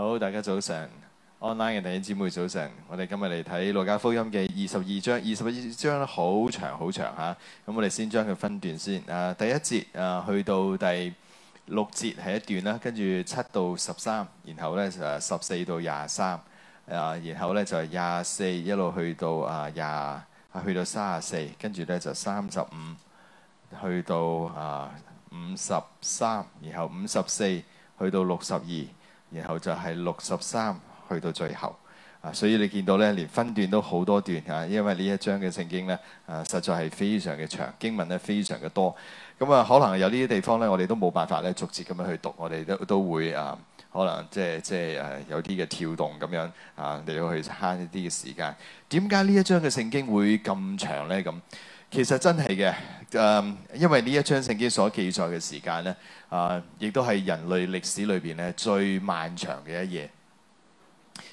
好，大家早晨，online 嘅弟兄姊妹早晨。我哋今日嚟睇《路加福音》嘅二十二章，二十二章好長好長吓。咁，啊，我哋先將佢分段先。啊，第一節啊，去到第六節係一段啦，跟住七到十三，然後咧就十四到廿三，啊，然後咧就係廿四一路去到啊廿啊去到卅四，跟住咧就三十五去到啊五十三，53，然後五十四去到六十二。然後就係六十三去到最後啊，所以你見到咧，連分段都好多段吓，因為呢一章嘅聖經咧啊，實在係非常嘅長，經文咧非常嘅多。咁啊，可能有呢啲地方咧，我哋都冇辦法咧，逐節咁樣去讀，我哋都都會啊，可能即係即係誒，有啲嘅跳動咁樣啊，你要去慳一啲嘅時間。點解呢一章嘅聖經會咁長咧？咁？其實真係嘅，誒、嗯，因為呢一章聖經所記載嘅時間呢，啊、呃，亦都係人類歷史裏邊呢最漫長嘅一夜，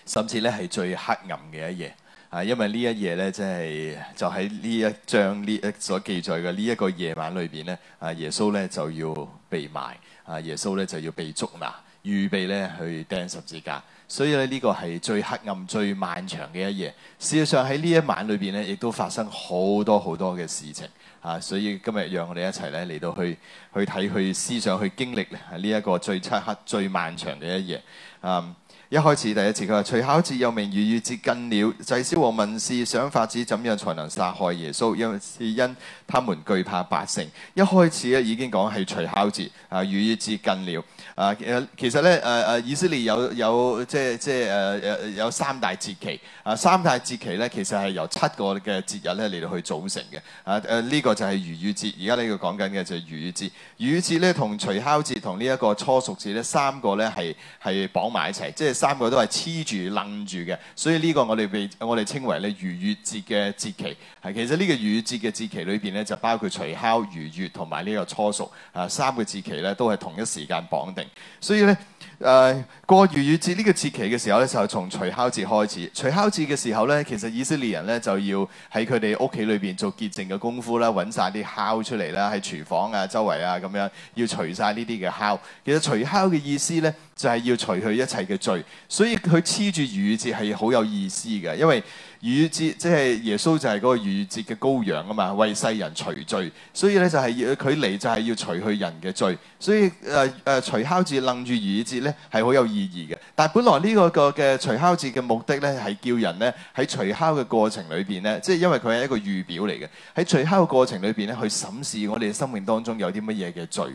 甚至呢係最黑暗嘅一夜。啊！因為呢一夜呢，真係就喺呢一章呢所記載嘅呢一個夜晚裏邊呢，啊，耶穌呢就要被埋啊，耶穌呢就要被捉拿，預備呢去釘十字架。所以咧，呢個係最黑暗、最漫長嘅一夜。事實上喺呢一晚裏邊呢，亦都發生好多好多嘅事情。啊，所以今日讓我哋一齊呢，嚟到去去睇、去思想、去經歷呢一個最漆黑、最漫長嘅一夜。嗯、啊，一開始第一次佢話：除酵節又名逾越節近了，祭司和文士想法子怎樣才能殺害耶穌，因為是因他們懼怕百姓。一開始咧，已經講係除酵節啊，逾越節近了。啊，其實其實咧，誒誒，以色列有有即係即係誒誒有三大節期。啊，三大節期咧，其實係由七個嘅節日咧嚟到去組成嘅。啊誒，呢個就係逾越節。而家呢個講緊嘅就係逾越節。逾越節咧同除酵節同呢一個初熟節咧，三個咧係係綁埋一齊，即係三個都係黐住楞住嘅。所以呢個我哋被我哋稱為咧逾越節嘅節期。係，其實呢個逾越節嘅節期裏邊咧就包括除酵、逾越同埋呢個初熟。啊，三個節期咧都係同一時間綁定。所以咧，誒、呃、過逾越節呢個節期嘅時候咧，就係從除酵節開始。除酵節嘅時候咧，其實以色列人咧就要喺佢哋屋企裏邊做潔淨嘅功夫啦，揾晒啲酵出嚟啦，喺廚房啊周圍啊咁樣要除晒呢啲嘅酵。其實除酵嘅意思咧，就係、是、要除去一切嘅罪。所以佢黐住逾越節係好有意思嘅，因為，逾越節即係耶穌就係嗰個逾越節嘅羔羊啊嘛，為世人除罪，所以咧就係佢嚟就係要除去人嘅罪，所以誒誒除酵節，楞住逾越節咧係好有意義嘅。但係本來呢，呢個、呢個嘅除、呢個、酵節嘅目的咧係叫人咧喺除酵嘅過程裏邊咧，即係因為佢係一個預表嚟嘅，喺除酵嘅過程裏邊咧去審視我哋嘅生命當中有啲乜嘢嘅罪。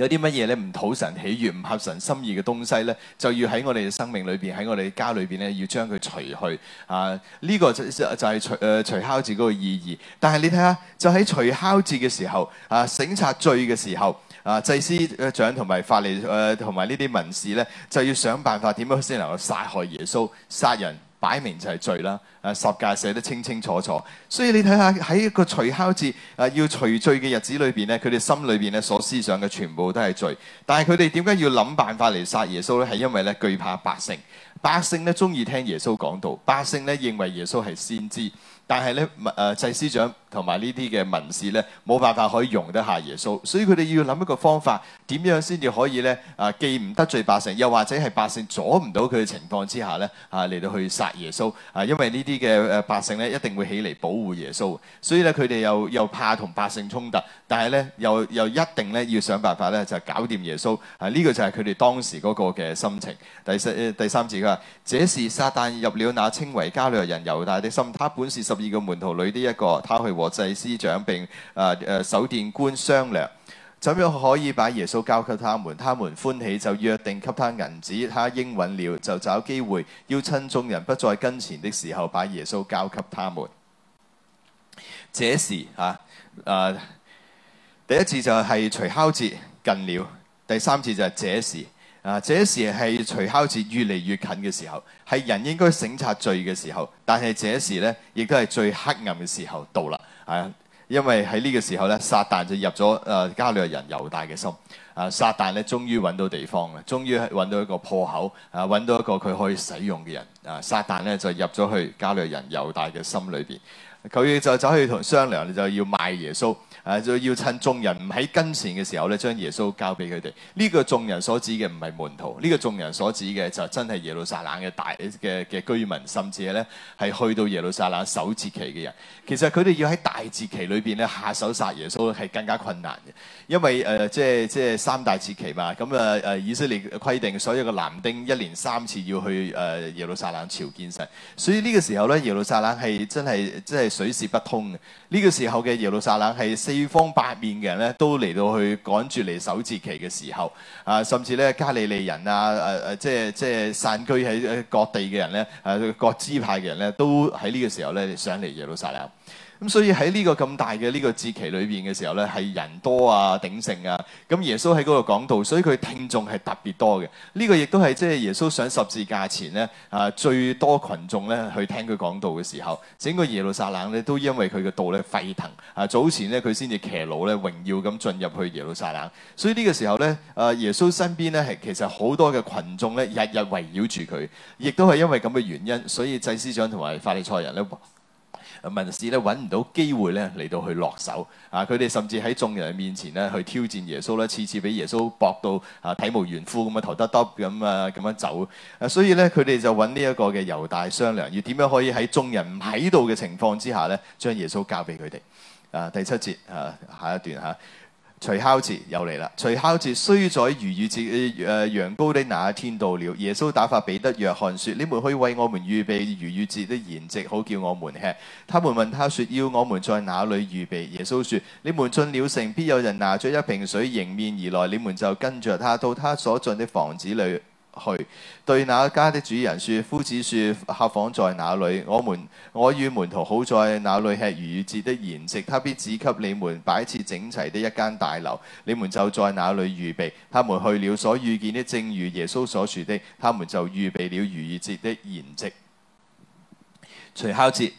有啲乜嘢咧唔討神喜悅、唔合神心意嘅東西咧，就要喺我哋嘅生命裏邊、喺我哋嘅家裏邊咧，要將佢除去啊！呢、這個就係除誒、啊、除酵字嗰個意義。但係你睇下，就喺除酵字嘅時候啊，省察罪嘅時候啊，祭司誒長同埋法利誒同埋呢啲文士咧，就要想辦法點樣先能夠殺害耶穌、殺人。擺明就係罪啦！誒、啊、十戒寫得清清楚楚，所以你睇下喺一個除酵節誒、啊、要除罪嘅日子裏邊咧，佢哋心裏邊咧所思想嘅全部都係罪。但係佢哋點解要諗辦法嚟殺耶穌呢？係因為咧，懼怕百姓，百姓咧中意聽耶穌講道，百姓咧認為耶穌係先知。但係咧，文誒祭司長同埋呢啲嘅文士咧，冇辦法可以容得下耶穌，所以佢哋要諗一個方法，點樣先至可以咧？啊，既唔得罪百姓，又或者係百姓阻唔到佢嘅情況之下咧，啊嚟到去殺耶穌啊！因為呢啲嘅誒百姓咧，一定會起嚟保護耶穌，所以咧佢哋又又怕同百姓衝突，但係咧又又一定咧要想辦法咧就搞掂耶穌啊！呢個就係佢哋當時嗰個嘅心情。第四誒第三節佢話：這是撒但入了那稱為加略人猶大的心，他本是十。呢個門徒裏啲一個，他去和祭司長並誒誒守殿官商量，怎樣可以把耶穌交給他們。他們歡喜就約定給他銀子，他應允了，就找機會要趁眾人不在跟前的時候，把耶穌交給他們。這時啊誒、啊，第一次就係除酵節近了，第三次就係這時。啊！這時係除酵節越嚟越近嘅時候，係人應該省察罪嘅時候。但係這時呢，亦都係最黑暗嘅時候到啦。啊，因為喺呢個時候呢，撒旦就入咗誒、呃、加略人猶大嘅心。啊，撒旦呢，終於揾到地方啦，終於揾到一個破口，啊，揾到一個佢可以使用嘅人。啊，撒旦呢，就入咗去加略人猶大嘅心裏邊，佢就走去同商量，就要賣耶穌。啊、就要趁眾人唔喺跟前嘅時候咧，將耶穌交俾佢哋。呢、這個眾人所指嘅唔係門徒，呢、這個眾人所指嘅就真係耶路撒冷嘅大嘅嘅居民，甚至係咧係去到耶路撒冷守節期嘅人。其實佢哋要喺大節期裏邊咧下手殺耶穌係更加困難嘅，因為誒、呃、即係即係三大節期嘛。咁啊誒以色列規定，所有嘅男丁一連三次要去誒、呃、耶路撒冷朝見神。所以呢個時候咧，耶路撒冷係真係真係水泄不通嘅。呢、這個時候嘅耶路撒冷係四方八面嘅人咧，都嚟到去趕住嚟守節期嘅時候啊，甚至咧加利利人啊，誒、啊、誒、啊啊，即係即係散居喺各地嘅人咧，誒、啊、各支派嘅人咧，都喺呢個時候咧上嚟耶路撒冷。咁所以喺呢個咁大嘅呢個節期裏邊嘅時候呢，係人多啊，鼎盛啊。咁耶穌喺嗰度講道，所以佢聽眾係特別多嘅。呢個亦都係即係耶穌上十字架前呢，啊，最多群眾呢去聽佢講道嘅時候，整個耶路撒冷呢都因為佢嘅道呢沸騰。啊早前呢，佢先至騎驢呢榮耀咁進入去耶路撒冷，所以呢個時候呢，啊，耶穌身邊呢，係其實好多嘅群眾呢日日圍繞住佢，亦都係因為咁嘅原因，所以祭司長同埋法利賽人呢。文士咧揾唔到機會咧嚟到去落手啊！佢哋甚至喺眾人面前咧去挑戰耶穌咧，次次俾耶穌駁到啊體無完膚咁啊，頭耷耷咁啊，咁樣走啊！所以咧，佢、嗯、哋就揾呢一個嘅猶大商量，要點樣可以喺眾人唔喺度嘅情況之下咧，將耶穌交俾佢哋啊！第七節啊，下一段嚇。啊。除酵節又嚟啦！除酵節須宰逾越節，誒、呃，羊羔的那一天到了。耶穌打發彼得、約翰説：你們可以為我們預備逾越節的筵席，好叫我們吃。他們問他説：要我們在哪裏預備？耶穌説：你們進了城，必有人拿着一瓶水迎面而來，你們就跟着他到他所進的房子裏。去，對那家的主人説：夫子説客房在哪裏？我們我與門徒好在那裏吃逾越節的筵席？他必指給你們擺設整齊的一間大樓，你們就在那裏預備。他們去了，所遇見的正如耶穌所説的，他們就預備了逾越節的筵席。除酵節。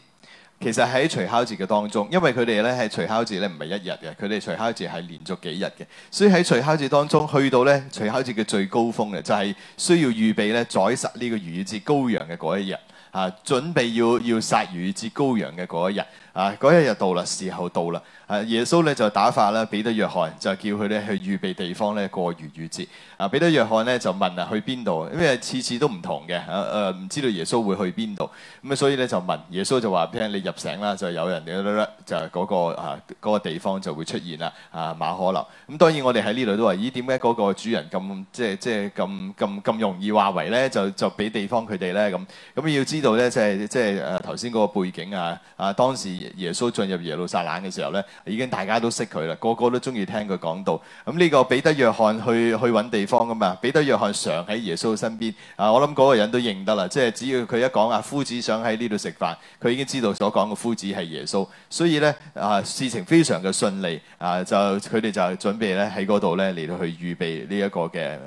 其實喺除酵節嘅當中，因為佢哋咧係除酵節咧唔係一日嘅，佢哋除酵節係連續幾日嘅，所以喺除酵節當中去到咧除酵節嘅最高峰嘅就係、是、需要預備咧宰殺呢個逾越節羔羊嘅嗰一日啊，準備要要殺逾越節羔羊嘅嗰一日。啊！嗰一日到啦，時候到啦。啊，耶穌咧就打發啦，彼得、約翰，就叫佢咧去預備地方咧過逾越節。啊，彼得、約翰咧就問啊去邊度，因為次次都唔同嘅。嚇、呃、誒，唔知道耶穌會去邊度。咁啊，所以咧就問耶穌就話：，聽你入城啦，就有人哋咧，就係嗰個啊嗰個地方就會出現啦。啊，馬可樓。咁當然我哋喺呢度都話：，咦，點解嗰個主人咁即係即係咁咁咁容易話為咧？就就俾地方佢哋咧咁。咁、嗯、要知道咧，即係即係誒頭先嗰個背景啊啊當時。就是耶穌進入耶路撒冷嘅時候咧，已經大家都識佢啦，個個都中意聽佢講道。咁、這、呢個彼得約翰去去揾地方咁啊，彼得約翰常喺耶穌身邊。啊，我諗嗰個人都認得啦，即係只要佢一講啊，夫子想喺呢度食飯，佢已經知道所講嘅夫子係耶穌。所以咧，啊事情非常嘅順利啊，就佢哋就準備咧喺嗰度咧嚟到去預備呢一個嘅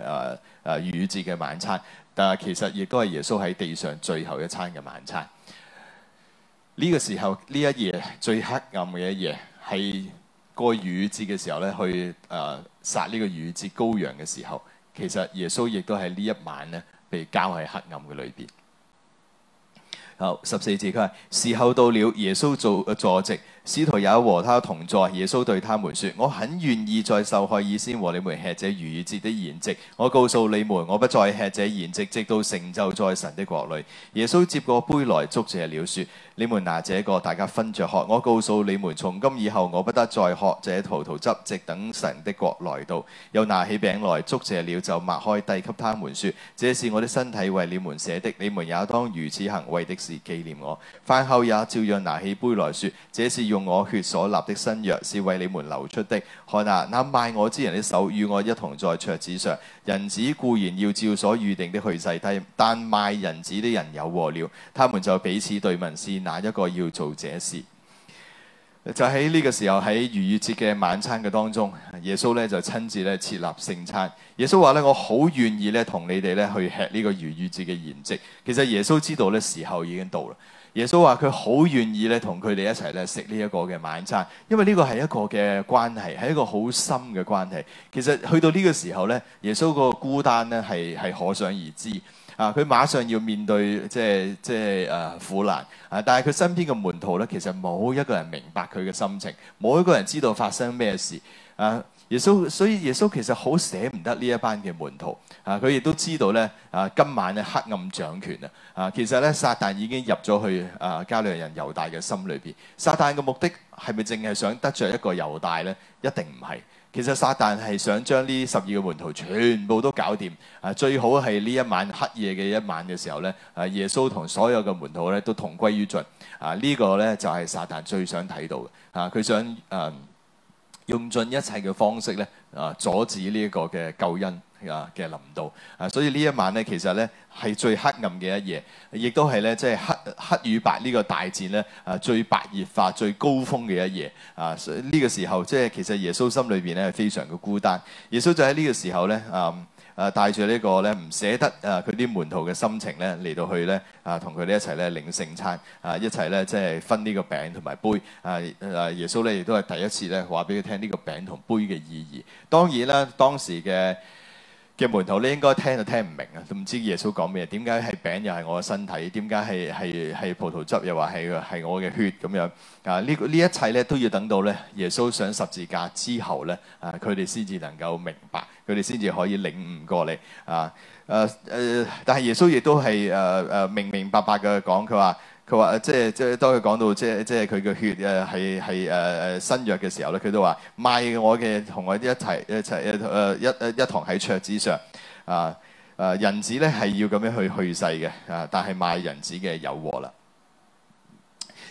誒誒逾越節嘅晚餐。但係其實亦都係耶穌喺地上最後一餐嘅晚餐。呢個時候，呢一夜最黑暗嘅一夜，係過逾越節嘅時候咧，去誒、呃、殺呢個逾越節羔羊嘅時候，其實耶穌亦都喺呢一晚咧被交喺黑暗嘅裏邊。好，十四節佢話時候到了，耶穌做坐席。坐司徒也和他同在耶穌對他們說，我很願意在受害以先和你們吃這逾越節的筵席。我告訴你們，我不再吃這筵席，直到成就在神的國裏。耶穌接過杯來祝謝了，說，你們拿這個大家分着喝。我告訴你們，從今以後我不得再喝這葡萄汁，直等神的國來到。又拿起餅來祝謝了，就擘開遞給他們說，這是我的身體為你們捨的，你們也當如此行，為的是紀念我。飯後也照樣拿起杯來說，這是用我血所立的新約是為你們流出的。看啊，那賣我之人的手與我一同在桌子上。人子固然要照所預定的去世，但但賣人子的人有禍了。他們就彼此對問，是哪一個要做這事？就喺呢個時候喺逾越節嘅晚餐嘅當中，耶穌呢就親自咧設立聖餐。耶穌話咧，我好願意咧同你哋咧去吃呢個逾越節嘅筵席。其實耶穌知道咧，時候已經到啦。耶穌話佢好願意咧同佢哋一齊咧食呢一個嘅晚餐，因為呢個係一個嘅關係，係一個好深嘅關係。其實去到呢個時候咧，耶穌個孤單咧係係可想而知啊！佢馬上要面對即係即係誒、啊、苦難啊！但係佢身邊嘅門徒咧，其實冇一個人明白佢嘅心情，冇一個人知道發生咩事啊！耶穌，所以耶穌其實好捨唔得呢一班嘅門徒。啊！佢亦都知道咧，啊今晚咧黑暗掌權啊！其實咧，撒旦已經入咗去啊加利亞人猶大嘅心裏邊。撒旦嘅目的係咪淨係想得着一個猶大咧？一定唔係。其實撒旦係想將呢十二個門徒全部都搞掂。啊，最好係呢一晚黑夜嘅一晚嘅時候咧，啊耶穌同所有嘅門徒咧都同歸於盡。啊，呢啊、這個咧就係、是、撒旦最想睇到嘅。啊，佢想嗯。啊用盡一切嘅方式咧，啊，阻止呢一個嘅救恩啊嘅臨到啊，所以呢一晚咧，其實咧係最黑暗嘅一夜，亦都係咧即係黑黑與白呢個大戰咧啊最白熱化、最高峰嘅一夜啊，呢個時候即係、就是、其實耶穌心裡邊咧係非常嘅孤單，耶穌就喺呢個時候咧啊。誒帶住呢個咧，唔捨得誒佢啲門徒嘅心情咧，嚟到去咧啊，同佢哋一齊咧領聖餐啊，一齊咧即係分呢個餅同埋杯啊，誒耶穌咧亦都係第一次咧話俾佢聽，呢個餅同杯嘅意義。當然啦，當時嘅。嘅門徒咧應該聽都聽唔明啊，都唔知耶穌講咩？點解係餅又係我嘅身體？點解係係係葡萄汁又話係係我嘅血咁樣？啊，呢呢一切咧都要等到咧耶穌上十字架之後咧，啊，佢哋先至能夠明白，佢哋先至可以領悟過嚟啊。誒、啊、誒、呃，但係耶穌亦都係誒誒明明白白嘅講，佢話。佢話，即係即係當佢講到即係即係佢嘅血誒係係誒誒新約嘅時候咧，佢都話賣我嘅同我一齊一齊誒一一堂喺桌子上啊誒、呃呃、人子咧係要咁樣去去世嘅啊、呃，但係賣人子嘅有禍啦。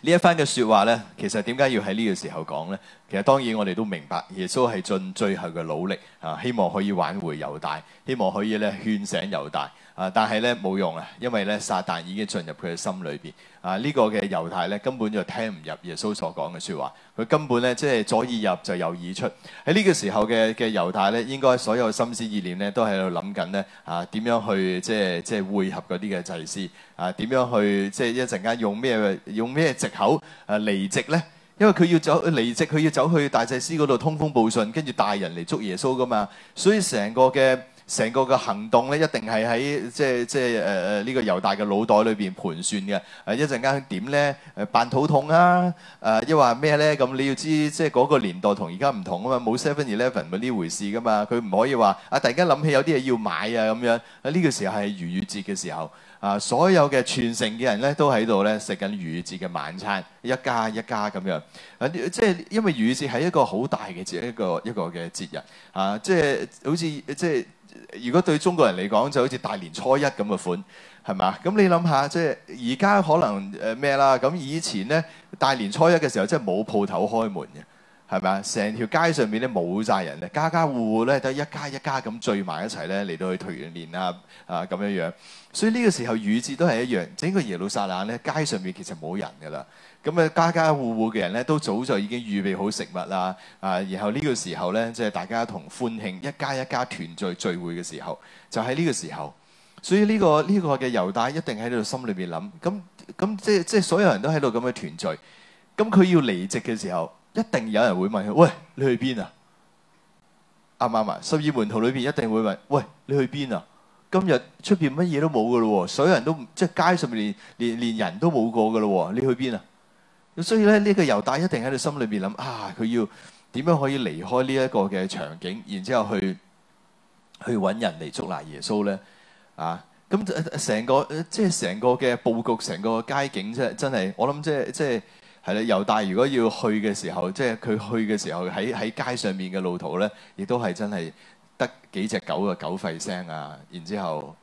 一番呢一番嘅説話咧，其實點解要喺呢個時候講咧？其實當然我哋都明白，耶穌係盡最後嘅努力啊、呃，希望可以挽回猶大，希望可以咧勸醒猶大。啊！但係咧冇用啊，因為咧撒旦已經進入佢嘅心裏邊。啊！這個、猶呢個嘅猶大咧根本就聽唔入耶穌所講嘅説話，佢根本咧即係左耳入就右耳出。喺、啊、呢、這個時候嘅嘅猶大咧，應該所有心思意念咧都喺度諗緊咧啊，點樣去即係即係匯合嗰啲嘅祭司啊？點樣去即係一陣間用咩用咩藉口啊離席咧？因為佢要走離席，佢要走去大祭司嗰度通風報信，跟住帶人嚟捉耶穌噶嘛。所以成個嘅。成個嘅行動咧，一定係喺即係即係誒誒呢個猶大嘅腦袋裏邊盤算嘅。誒一陣間點咧？誒扮肚痛啊！誒又話咩咧？咁、呃啊啊、你要知即係嗰、這個年代同而家唔同啊嘛，冇 Seven Eleven 呢回事㗎嘛。佢唔可以話啊！突然間諗起有啲嘢要買啊咁樣。啊、這、呢個時候係逾越節嘅時候啊，所有嘅全城嘅人咧都喺度咧食緊逾越節嘅晚餐，一家一家咁樣。啊，即係因為逾越節係一個好大嘅節，一個一個嘅節日啊，即係好似即係。即即即如果對中國人嚟講，就好似大年初一咁嘅款，係嘛？咁你諗下，即係而家可能誒咩啦？咁、呃、以前呢，大年初一嘅時候，即係冇鋪頭開門嘅，係咪啊？成條街上面咧冇晒人咧，家家戶戶咧都一家一家咁聚埋一齊咧嚟到去團年啊啊咁樣樣。所以呢個時候逾越節都係一樣，整個耶路撒冷咧街上面其實冇人㗎啦。咁啊，家家戶戶嘅人咧都早就已經預備好食物啦，啊！然後呢個時候咧，即係大家同歡慶一家一家團聚聚會嘅時候，就喺呢個時候，所以呢個呢個嘅猶大一定喺度心裏邊諗，咁咁即係即係所有人都喺度咁嘅團聚，咁佢要離席嘅時候，一定有人會問佢：喂，你去邊啊？啱唔啱啊？十二門徒裏邊一定會問：喂，你去邊啊？今日出面乜嘢都冇㗎咯喎，所有人都即係街上面連連連人都冇過㗎咯喎，你去邊啊？所以咧，呢、這個猶大一定喺佢心裏邊諗啊，佢要點樣可以離開呢一個嘅場景，然之後去去揾人嚟捉拿耶穌咧啊！咁成個即係成個嘅佈局，成個街景啫，真係我諗即係即係係啦。猶大如果要去嘅時候，即係佢去嘅時候喺喺街上面嘅路途咧，亦都係真係得幾隻狗嘅狗吠聲啊！然之後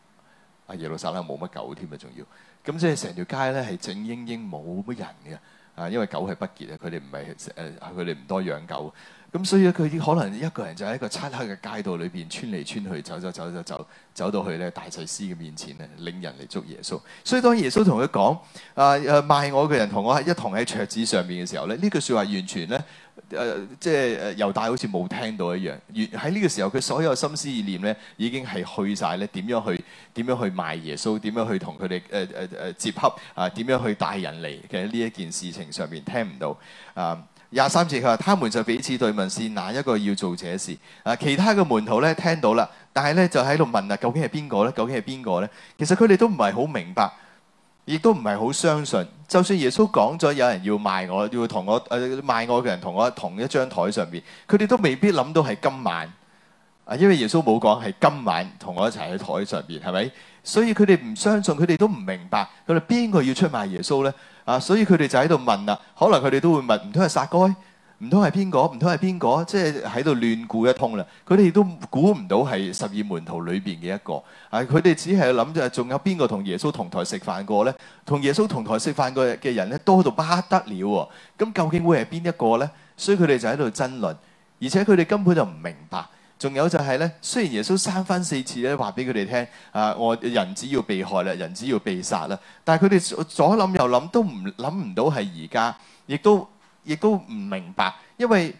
阿、啊、耶路撒冷冇乜狗添啊，仲要咁即係成條街咧係靜英英冇乜人嘅。啊，因為狗係不潔咧，佢哋唔係誒，佢哋唔多養狗，咁所以佢可能一個人就喺一個漆黑嘅街道裏邊穿嚟穿去，走走走走走，走到去咧大祭司嘅面前咧，領人嚟捉耶穌。所以當耶穌同佢講：啊、呃、誒，賣我嘅人同我喺一同喺桌子上面嘅時候咧，呢句説話完全咧。誒、呃、即係誒猶大好似冇聽到一樣，而喺呢個時候佢所有心思意念咧已經係去晒咧，點樣去點樣去賣耶穌，點樣去同佢哋誒誒誒接洽，啊？點樣去帶人嚟嘅呢一件事情上邊聽唔到啊？廿三節佢話：他們就彼此對問是哪一個要做這事啊？其他嘅門徒咧聽到啦，但係咧就喺度問啊，究竟係邊個咧？究竟係邊個咧？其實佢哋都唔係好明白。亦都唔係好相信，就算耶穌講咗有人要賣我，要同我誒、呃、賣我嘅人同我同一張台上面，佢哋都未必諗到係今晚，啊，因為耶穌冇講係今晚同我一齊喺台上邊，係咪？所以佢哋唔相信，佢哋都唔明白，佢哋邊個要出賣耶穌咧？啊，所以佢哋就喺度問啦，可能佢哋都會問，唔通係撒該？唔通係邊個？唔通係邊個？即係喺度亂估一通啦！佢哋都估唔到係十二門徒裏邊嘅一個。啊！佢哋只係諗住仲有邊個同耶穌同台食飯過呢？同耶穌同台食飯過嘅人呢，多到不得了喎、哦！咁、啊、究竟會係邊一個呢？所以佢哋就喺度爭論，而且佢哋根本就唔明白。仲有就係呢，雖然耶穌三番四次咧話俾佢哋聽：啊，我人只要被害啦，人只要被殺啦。但係佢哋左諗右諗都唔諗唔到係而家，亦都。亦都唔明白，因為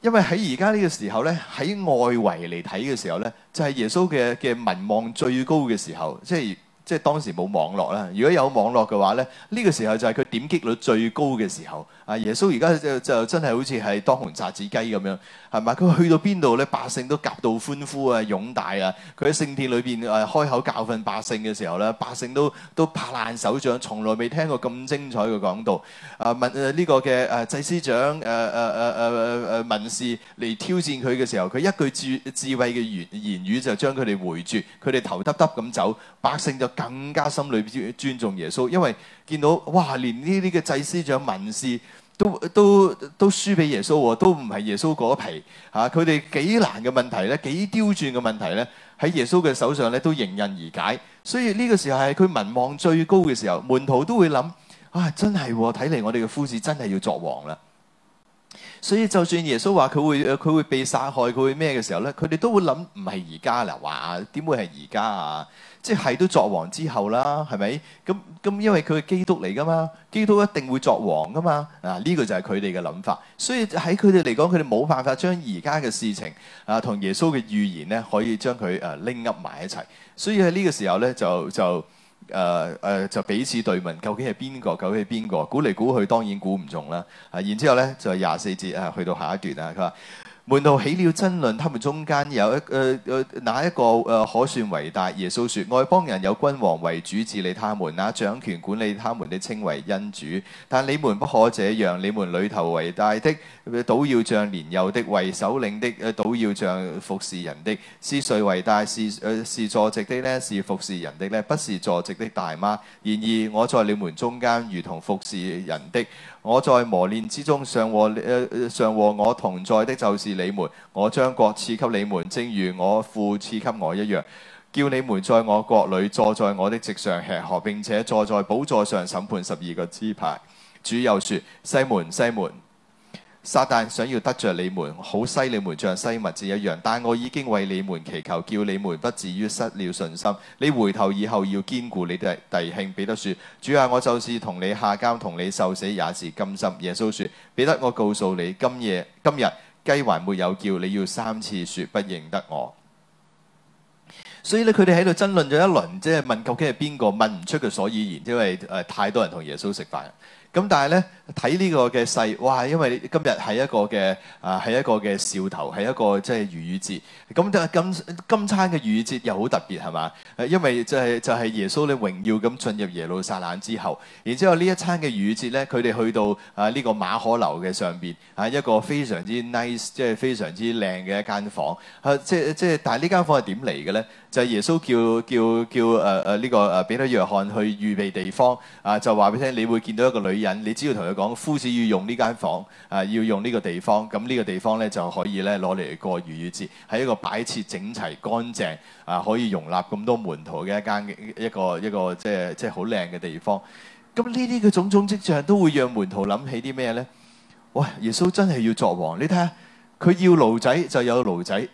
因為喺而家呢個時候咧，喺外圍嚟睇嘅時候咧，就係耶穌嘅嘅民望最高嘅時候，即係即係當時冇網絡啦。如果有網絡嘅話咧，呢個時候就係佢點擊率最高嘅時候。啊！耶穌而家就就真係好似係當紅炸子雞咁樣，係咪？佢去到邊度咧，百姓都夾道歡呼啊、擁戴啊。佢喺聖殿裏邊誒開口教訓百姓嘅時候咧，百姓都都拍爛手掌，從來未聽過咁精彩嘅講道。啊，民呢、呃這個嘅誒祭司長、誒誒誒誒誒誒文士嚟挑戰佢嘅時候，佢一句智智慧嘅言言語就將佢哋回絕，佢哋頭耷耷咁走，百姓就更加心裏邊尊尊重耶穌，因為。見到哇，連呢啲嘅祭司長、文士都都都輸俾耶穌喎、哦，都唔係耶穌嗰皮吓，佢哋幾難嘅問題咧，幾刁鑽嘅問題咧，喺耶穌嘅手上咧都迎刃而解，所以呢個時候係佢民望最高嘅時候，門徒都會諗啊，真係睇嚟我哋嘅夫子真係要作王啦。所以就算耶穌話佢會誒，佢會被殺害，佢會咩嘅時候咧，佢哋都會諗唔係而家啦，話點會係而家啊？即係都作王之後啦，係咪？咁咁因為佢係基督嚟噶嘛，基督一定會作王噶嘛啊！呢個就係佢哋嘅諗法。所以喺佢哋嚟講，佢哋冇辦法將而家嘅事情啊同耶穌嘅預言咧可以將佢誒拎噏埋一齊。所以喺呢個時候咧就就。就誒誒、呃呃、就彼此對問，究竟係邊個？究竟係邊個？估嚟估去，當然估唔中啦。啊，然之後咧就係廿四節啊，去到下一段啊，佢話門徒起了爭論，他們中間有一誒誒哪一個誒、呃、可算為大？耶穌説：外邦人有君王為主治理他們，那掌權管理他們的稱為恩主，但你們不可這樣，你們裡頭為大的。倒要像年幼的，為首領的；誒，倒要像服侍人的，是誰為大？是誒、呃、是坐席的呢，是服侍人的呢，不是坐席的大嗎？然而我在你們中間如同服侍人的，我在磨練之中，上和、呃、上和我同在的，就是你們。我將國賜給你們，正如我父賜給我一樣。叫你們在我國裏坐在我的席上吃喝，並且坐在寶座上審判十二個支派。主又說：西門，西門。撒但想要得著你們，好篩你們像篩麥子一樣，但我已經為你們祈求，叫你們不至於失了信心。你回頭以後要堅固你哋弟兄。彼得説：主啊，我就是同你下監，同你受死，也是甘心。耶穌説：彼得，我告訴你，今夜、今日雞還沒有叫，你要三次説不認得我。所以咧，佢哋喺度爭論咗一輪，即係問究竟係邊個問唔出佢所以然，因為誒、呃、太多人同耶穌食飯。咁但係咧，睇呢個嘅勢，哇！因為今日係一個嘅啊，係一個嘅兆頭，係一個即係逾越節，節、啊。咁但係今今餐嘅逾越節又好特別係嘛？誒、啊、因為就係、是、就係、是、耶穌你榮耀咁進入耶路撒冷之後，然之後呢一餐嘅逾越節咧，佢哋去到啊呢、這個馬可樓嘅上邊啊一個非常之 nice，即係非常之靚嘅一間房。啊，即係即係但係呢間房係點嚟嘅咧？就係、是、耶穌叫叫叫誒誒呢個誒俾咗約翰去預備地方啊，就話俾你聽，你會見到一個女你只要同佢講，夫子要用呢間房，啊，要用呢個地方，咁呢個地方呢就可以呢攞嚟過逾越節，係一個擺設整齊、乾淨，啊，可以容納咁多門徒嘅一間一個，一個，一，個一個，即係即係好靚嘅地方。咁呢啲嘅種種跡象都會讓門徒諗起啲咩呢？喂，耶穌真係要作王，你睇下，佢要驢仔就有驢仔。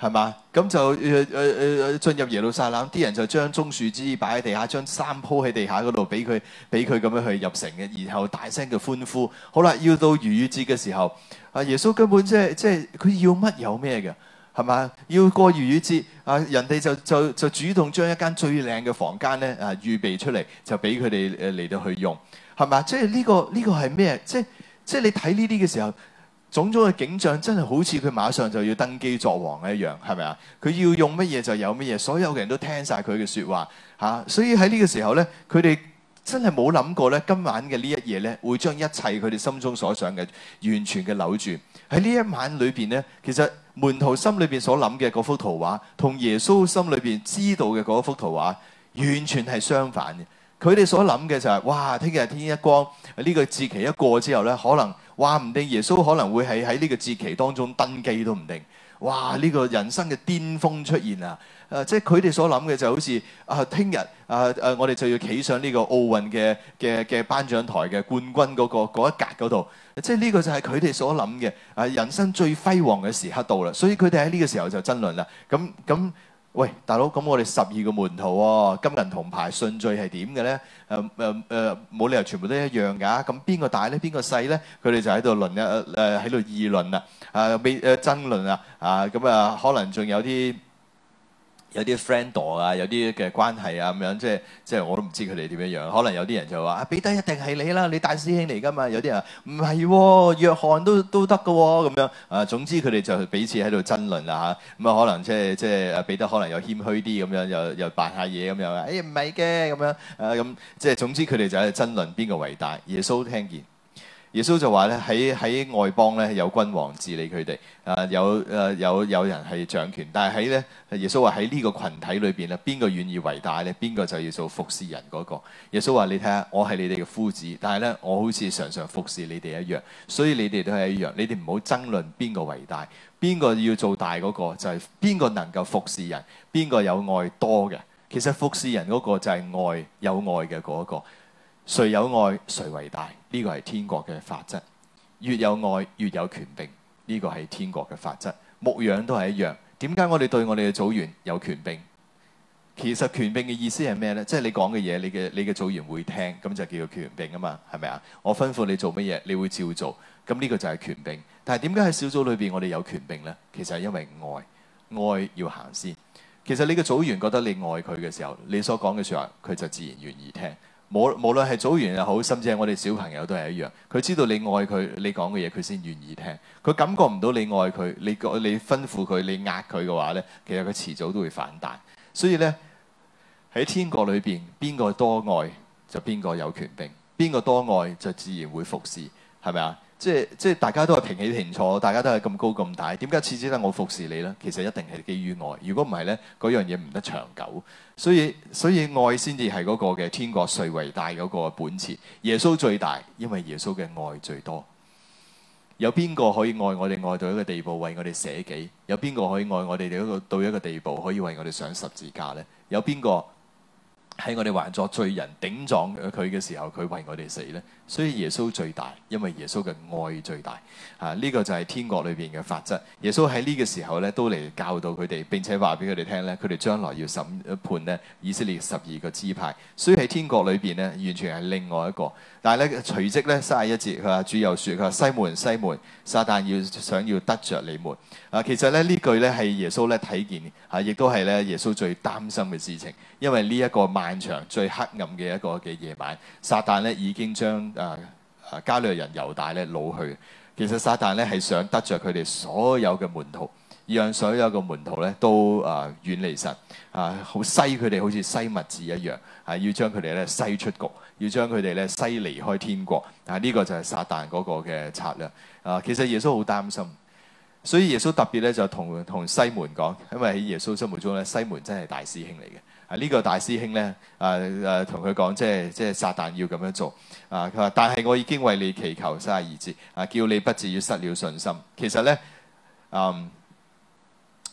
係嘛？咁就誒誒誒進入耶路撒冷，啲人就將棕樹枝擺喺地下，將衫鋪喺地下嗰度，俾佢俾佢咁樣去入城嘅，然後大聲嘅歡呼。好啦，要到逾越節嘅時候，啊耶穌根本即係即係佢要乜有咩嘅，係嘛？要過逾越節，啊人哋就就就主動將一間最靚嘅房間咧啊預備出嚟，就俾佢哋誒嚟到去用，係嘛？即係呢個呢個係咩？即係即係你睇呢啲嘅時候。種種嘅景象真係好似佢馬上就要登基作王一樣，係咪啊？佢要用乜嘢就有乜嘢，所有嘅人都聽晒佢嘅説話嚇、啊。所以喺呢個時候呢，佢哋真係冇諗過咧，今晚嘅呢一夜呢，會將一切佢哋心中所想嘅完全嘅扭住。喺呢一晚裏邊呢，其實門徒心裏邊所諗嘅嗰幅圖畫，同耶穌心裏邊知道嘅嗰幅圖畫，完全係相反嘅。佢哋所諗嘅就係、是：哇，聽日天，天一光，呢、這個節期一過之後呢，可能。話唔定耶穌可能會係喺呢個節期當中登基都唔定，哇！呢個人生嘅巔峰出現啊！誒，即係佢哋所諗嘅就好似啊，聽日啊啊，我哋就要企上呢個奧運嘅嘅嘅頒獎台嘅冠軍嗰個嗰一格嗰度，即係呢個就係佢哋所諗嘅啊！人生最輝煌嘅時刻到啦，所以佢哋喺呢個時候就爭論啦。咁咁。喂，大佬，咁我哋十二個門徒喎，金銀銅牌順序係點嘅咧？誒誒誒，冇、啊啊、理由全部都一樣噶。咁邊個大咧？邊個細咧？佢哋就喺度輪啊誒喺度議論啊，啊，啊，未誒爭論啊，啊，咁啊，可能仲有啲。有啲 friend 墮啊，有啲嘅關係啊咁樣，即係即係我都唔知佢哋點樣樣。可能有啲人就話啊，彼得一定係你啦，你大師兄嚟噶嘛。有啲人唔係，約翰、哦、都都得噶喎，咁樣啊。總之佢哋就彼此喺度爭論啦嚇。咁啊，可能即係即係啊，彼得可能又謙虛啲咁樣，又又扮下嘢咁樣。哎呀，唔係嘅咁樣。誒、啊、咁、嗯，即係總之佢哋就喺度爭論邊個為大。耶穌聽見。耶穌就話咧，喺喺外邦咧有君王治理佢哋，啊有誒有有人係掌權。但係喺咧，耶穌話喺呢個群體裏邊咧，邊個願意為大咧？邊個就要做服侍人嗰、那個？耶穌話你睇下，我係你哋嘅夫子，但係咧我好似常常服侍你哋一樣，所以你哋都係一樣。你哋唔好爭論邊個為大，邊個要做大嗰、那個就係邊個能夠服侍人，邊個有愛多嘅。其實服侍人嗰個就係愛有愛嘅嗰、那個，誰有愛誰為大。呢個係天國嘅法則，越有愛越有權柄。呢個係天國嘅法則，牧養都係一樣。點解我哋對我哋嘅組員有權柄？其實權柄嘅意思係咩呢？即係你講嘅嘢，你嘅你嘅組員會聽，咁就叫做權柄啊嘛，係咪啊？我吩咐你做乜嘢，你會照做，咁呢個就係權柄。但係點解喺小組裏邊我哋有權柄呢？其實係因為愛，愛要行先。其實你嘅組員覺得你愛佢嘅時候，你所講嘅説話，佢就自然願意聽。無無論係組員又好，甚至係我哋小朋友都係一樣。佢知道你愛佢，你講嘅嘢佢先願意聽。佢感覺唔到你愛佢，你你吩咐佢，你壓佢嘅話呢，其實佢遲早都會反彈。所以呢，喺天國裏邊，邊個多愛就邊個有權柄，邊個多愛就自然會服侍，係咪啊？即係大家都係平起平坐，大家都係咁高咁大，點解次次都得我服侍你呢？其實一定係基於愛。如果唔係呢，嗰樣嘢唔得長久。所以所以，愛先至係嗰個嘅天國誰為大嗰個本錢。耶穌最大，因為耶穌嘅愛最多。有邊個可以愛我哋愛到一個地步，為我哋捨己？有邊個可以愛我哋到一個地步，可以為我哋上十字架呢？有邊個？喺我哋還作罪人頂撞佢嘅時候，佢為我哋死呢。所以耶穌最大，因為耶穌嘅愛最大。啊，呢、呢個就係天國裏邊嘅法則。耶穌喺呢個時候呢，都嚟教導佢哋，並且話俾佢哋聽呢，佢哋將來要審判呢以色列十二個支派。所以喺天國裏邊呢，完全係另外一個。但係呢，隨即呢，三十一節佢話主又説：佢話西門，西門，撒旦要想要得着你們。啊，其實呢，呢句呢係耶穌呢睇見啊，亦都係呢耶穌最擔心嘅事情，因為呢、呢、一個漫長最黑暗嘅一個嘅夜晚，撒旦咧已經將誒誒、呃、加略人猶大咧擄去。其實撒旦咧係想得着佢哋所有嘅門徒，讓所有嘅門徒咧都誒、呃、遠離神啊，西好西佢哋好似西麥子一樣，係、啊、要將佢哋咧西出局，要將佢哋咧西離開天國。啊，呢、這個就係撒旦嗰個嘅策略啊。其實耶穌好擔心，所以耶穌特別咧就同同西門講，因為喺耶穌心目中咧西門真係大師兄嚟嘅。係呢個大師兄咧，誒誒同佢講，即係即係撒旦要咁樣做，啊！佢話：但係我已經為你祈求三十二節，啊！叫你不至於失了信心。其實咧，嗯。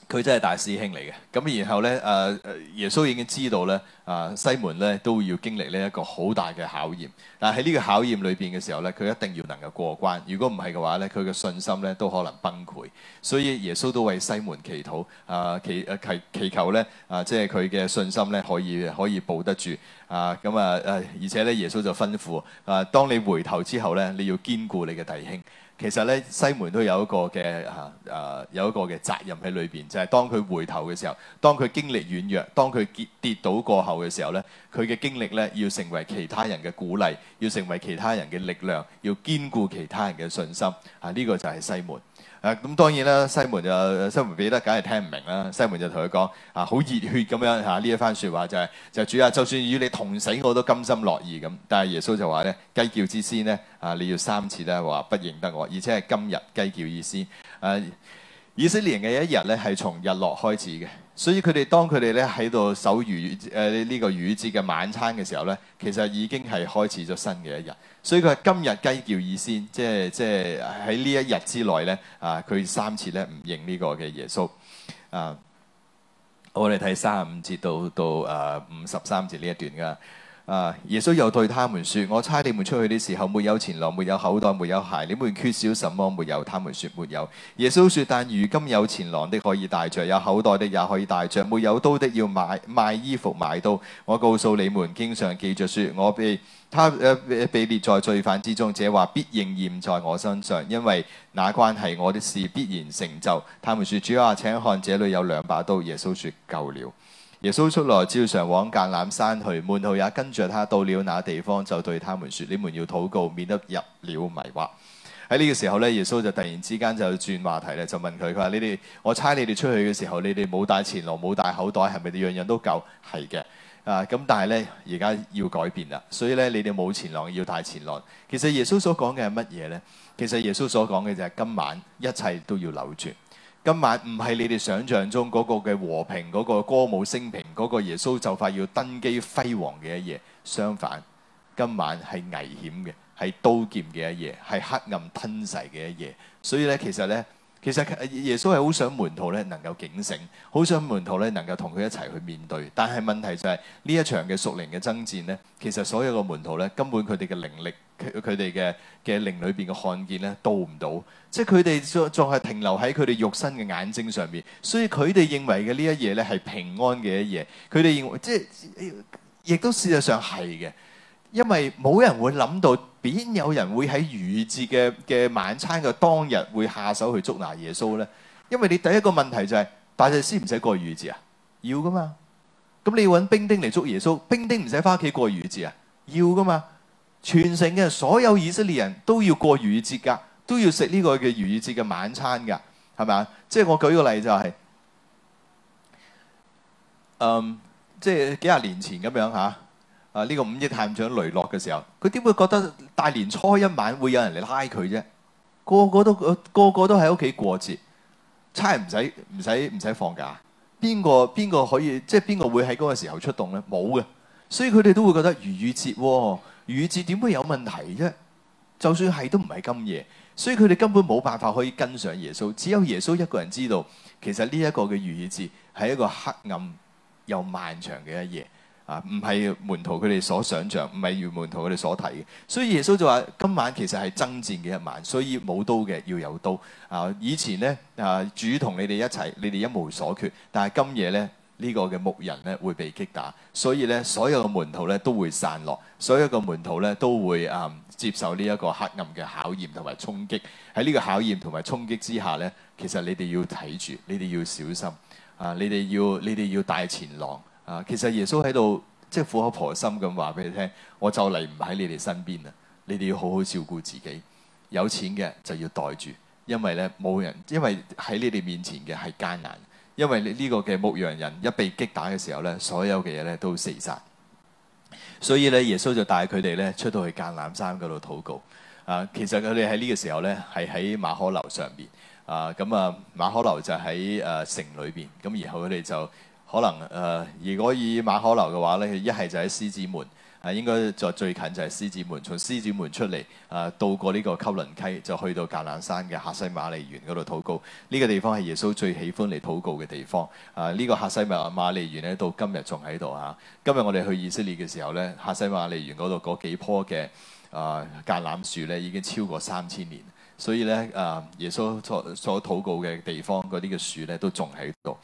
佢真係大師兄嚟嘅，咁然後咧，誒耶穌已經知道咧，啊西門咧都要經歷呢一個好大嘅考驗。但喺呢個考驗裏邊嘅時候咧，佢一定要能夠過關。如果唔係嘅話咧，佢嘅信心咧都可能崩潰。所以耶穌都為西門祈禱，啊祈誒祈祈求咧，啊即係佢嘅信心咧可以可以保得住。啊咁啊誒，而且咧耶穌就吩咐啊，當你回頭之後咧，你要堅固你嘅弟兄。其實咧，西門都有一個嘅嚇誒，有一個嘅責任喺裏邊，就係、是、當佢回頭嘅時候，當佢經歷軟弱，當佢跌跌倒過後嘅時候咧，佢嘅經歷咧要成為其他人嘅鼓勵，要成為其他人嘅力量，要堅固其他人嘅信心。啊，呢、這個就係西門。咁、啊、當然啦，西門就西門彼得梗係聽唔明啦。西門就同佢講：啊，好熱血咁樣嚇呢一番説話就係、是、就是、主啊，就算與你同死我都甘心樂意咁。但係耶穌就話咧：雞叫之先咧，啊你要三次咧話、啊、不認得我，而且係今日雞叫意思。誒、啊。以色列嘅一日咧係從日落開始嘅，所以佢哋當佢哋咧喺度守逾誒呢個逾節嘅晚餐嘅時候咧，其實已經係開始咗新嘅一日。所以佢係今日雞叫以先，即係即係喺呢一日之內咧啊，佢、呃、三次咧唔認呢個嘅耶穌啊、呃。我哋睇三十五節到到啊五十三節呢一段噶。啊！Uh, 耶穌又對他們說：我差你們出去的時候，沒有錢囊、沒有口袋、沒有鞋，你們缺少什麼沒有？他們說沒有。耶穌說：但如今有錢囊的可以帶著，有口袋的也可以帶著，沒有刀的要買賣衣服、買刀。我告訴你們，經常記著說：我被他、呃、被列在罪犯之中，這話必應驗在我身上，因為那關係我的事必然成就。他們說：主啊，請看，這裡有兩把刀。耶穌說：夠了。耶穌出來，照常往橄欖山去，門徒也跟著他。到了那地方，就對他們說： 你們要禱告，免得入了迷惑。喺呢個時候咧，耶穌就突然之間就轉話題咧，就問佢：佢話你哋，我猜你哋出去嘅時候，你哋冇帶錢囊，冇帶口袋，係咪？你樣樣都夠，係嘅。啊，咁但係咧，而家要改變啦。所以咧，你哋冇錢囊要帶錢囊。其實耶穌所講嘅係乜嘢咧？其實耶穌所講嘅就係今晚一切都要扭轉。今晚唔係你哋想象中嗰個嘅和平、嗰個歌舞升平、嗰個耶穌就快要登基輝煌嘅一夜。相反，今晚係危險嘅，係刀劍嘅一夜，係黑暗吞噬嘅一夜。所以咧，其實咧，其實耶穌係好想門徒咧能夠警醒，好想門徒咧能夠同佢一齊去面對。但係問題就係呢一場嘅屬靈嘅爭戰咧，其實所有嘅門徒咧，根本佢哋嘅靈力。佢哋嘅嘅靈裏邊嘅看見咧，到唔到？即係佢哋仲仲係停留喺佢哋肉身嘅眼睛上面，所以佢哋認為嘅呢一夜咧係平安嘅一夜。佢哋認為即係亦都事實上係嘅，因為冇人會諗到，邊有人會喺逾節嘅嘅晚餐嘅當日會下手去捉拿耶穌咧？因為你第一個問題就係、是、大祭司唔使過逾節啊，要㗎嘛？咁你要揾兵丁嚟捉耶穌，兵丁唔使返屋企過逾節啊，要㗎嘛？全城嘅所有以色列人都要過逾越節㗎，都要食呢個嘅逾越節嘅晚餐㗎，係咪啊？即係我舉個例就係、是，嗯，即係幾廿年前咁樣吓，啊呢、這個五億探長雷洛嘅時候，佢點會覺得大年初一晚會有人嚟拉佢啫？個個都個個都喺屋企過節，差人唔使唔使唔使放假，邊個邊個可以即係邊個會喺嗰個時候出動咧？冇嘅，所以佢哋都會覺得逾越節。逾越節點會有問題啫？就算係都唔係今夜，所以佢哋根本冇辦法可以跟上耶穌，只有耶穌一個人知道。其實呢一個嘅逾越節係一個黑暗又漫長嘅一夜啊，唔係門徒佢哋所想像，唔係如門徒佢哋所睇嘅。所以耶穌就話：今晚其實係爭戰嘅一晚，所以冇刀嘅要有刀啊。以前呢，啊，主同你哋一齊，你哋一無所缺，但係今夜呢。呢個嘅牧人咧會被擊打，所以咧所有嘅門徒咧都會散落，所有嘅門徒咧都會啊、嗯、接受呢一個黑暗嘅考驗同埋衝擊。喺呢個考驗同埋衝擊之下咧，其實你哋要睇住，你哋要小心啊！你哋要你哋要帶錢囊啊！其實耶穌喺度即係苦口婆心咁話俾你聽，我就嚟唔喺你哋身邊啦，你哋要好好照顧自己。有錢嘅就要袋住，因為咧冇人，因為喺你哋面前嘅係艱難。因為呢呢個嘅牧羊人一被擊打嘅時候呢，所有嘅嘢呢都死晒。所以呢，耶穌就帶佢哋呢出到去橄欖山嗰度禱告。啊，其實佢哋喺呢個時候呢，係喺馬可樓上邊。啊，咁啊馬可樓就喺誒、啊、城裏邊。咁然後佢哋就可能誒、啊，如果以馬可樓嘅話呢，一係就喺獅子門。啊，應該就最近就係獅子門，從獅子門出嚟，啊、呃，渡過呢個汲淪溪，就去到橄欖山嘅客西馬尼園嗰度禱告。呢、這個地方係耶穌最喜歡嚟禱告嘅地方。啊、呃，這個、呢個客西馬馬尼園咧，到今日仲喺度嚇。今日我哋去以色列嘅時候咧，客西馬尼園嗰度嗰幾棵嘅啊、呃、橄欖樹咧，已經超過三千年。所以咧，啊、呃、耶穌所所禱告嘅地方嗰啲嘅樹咧，都仲喺度。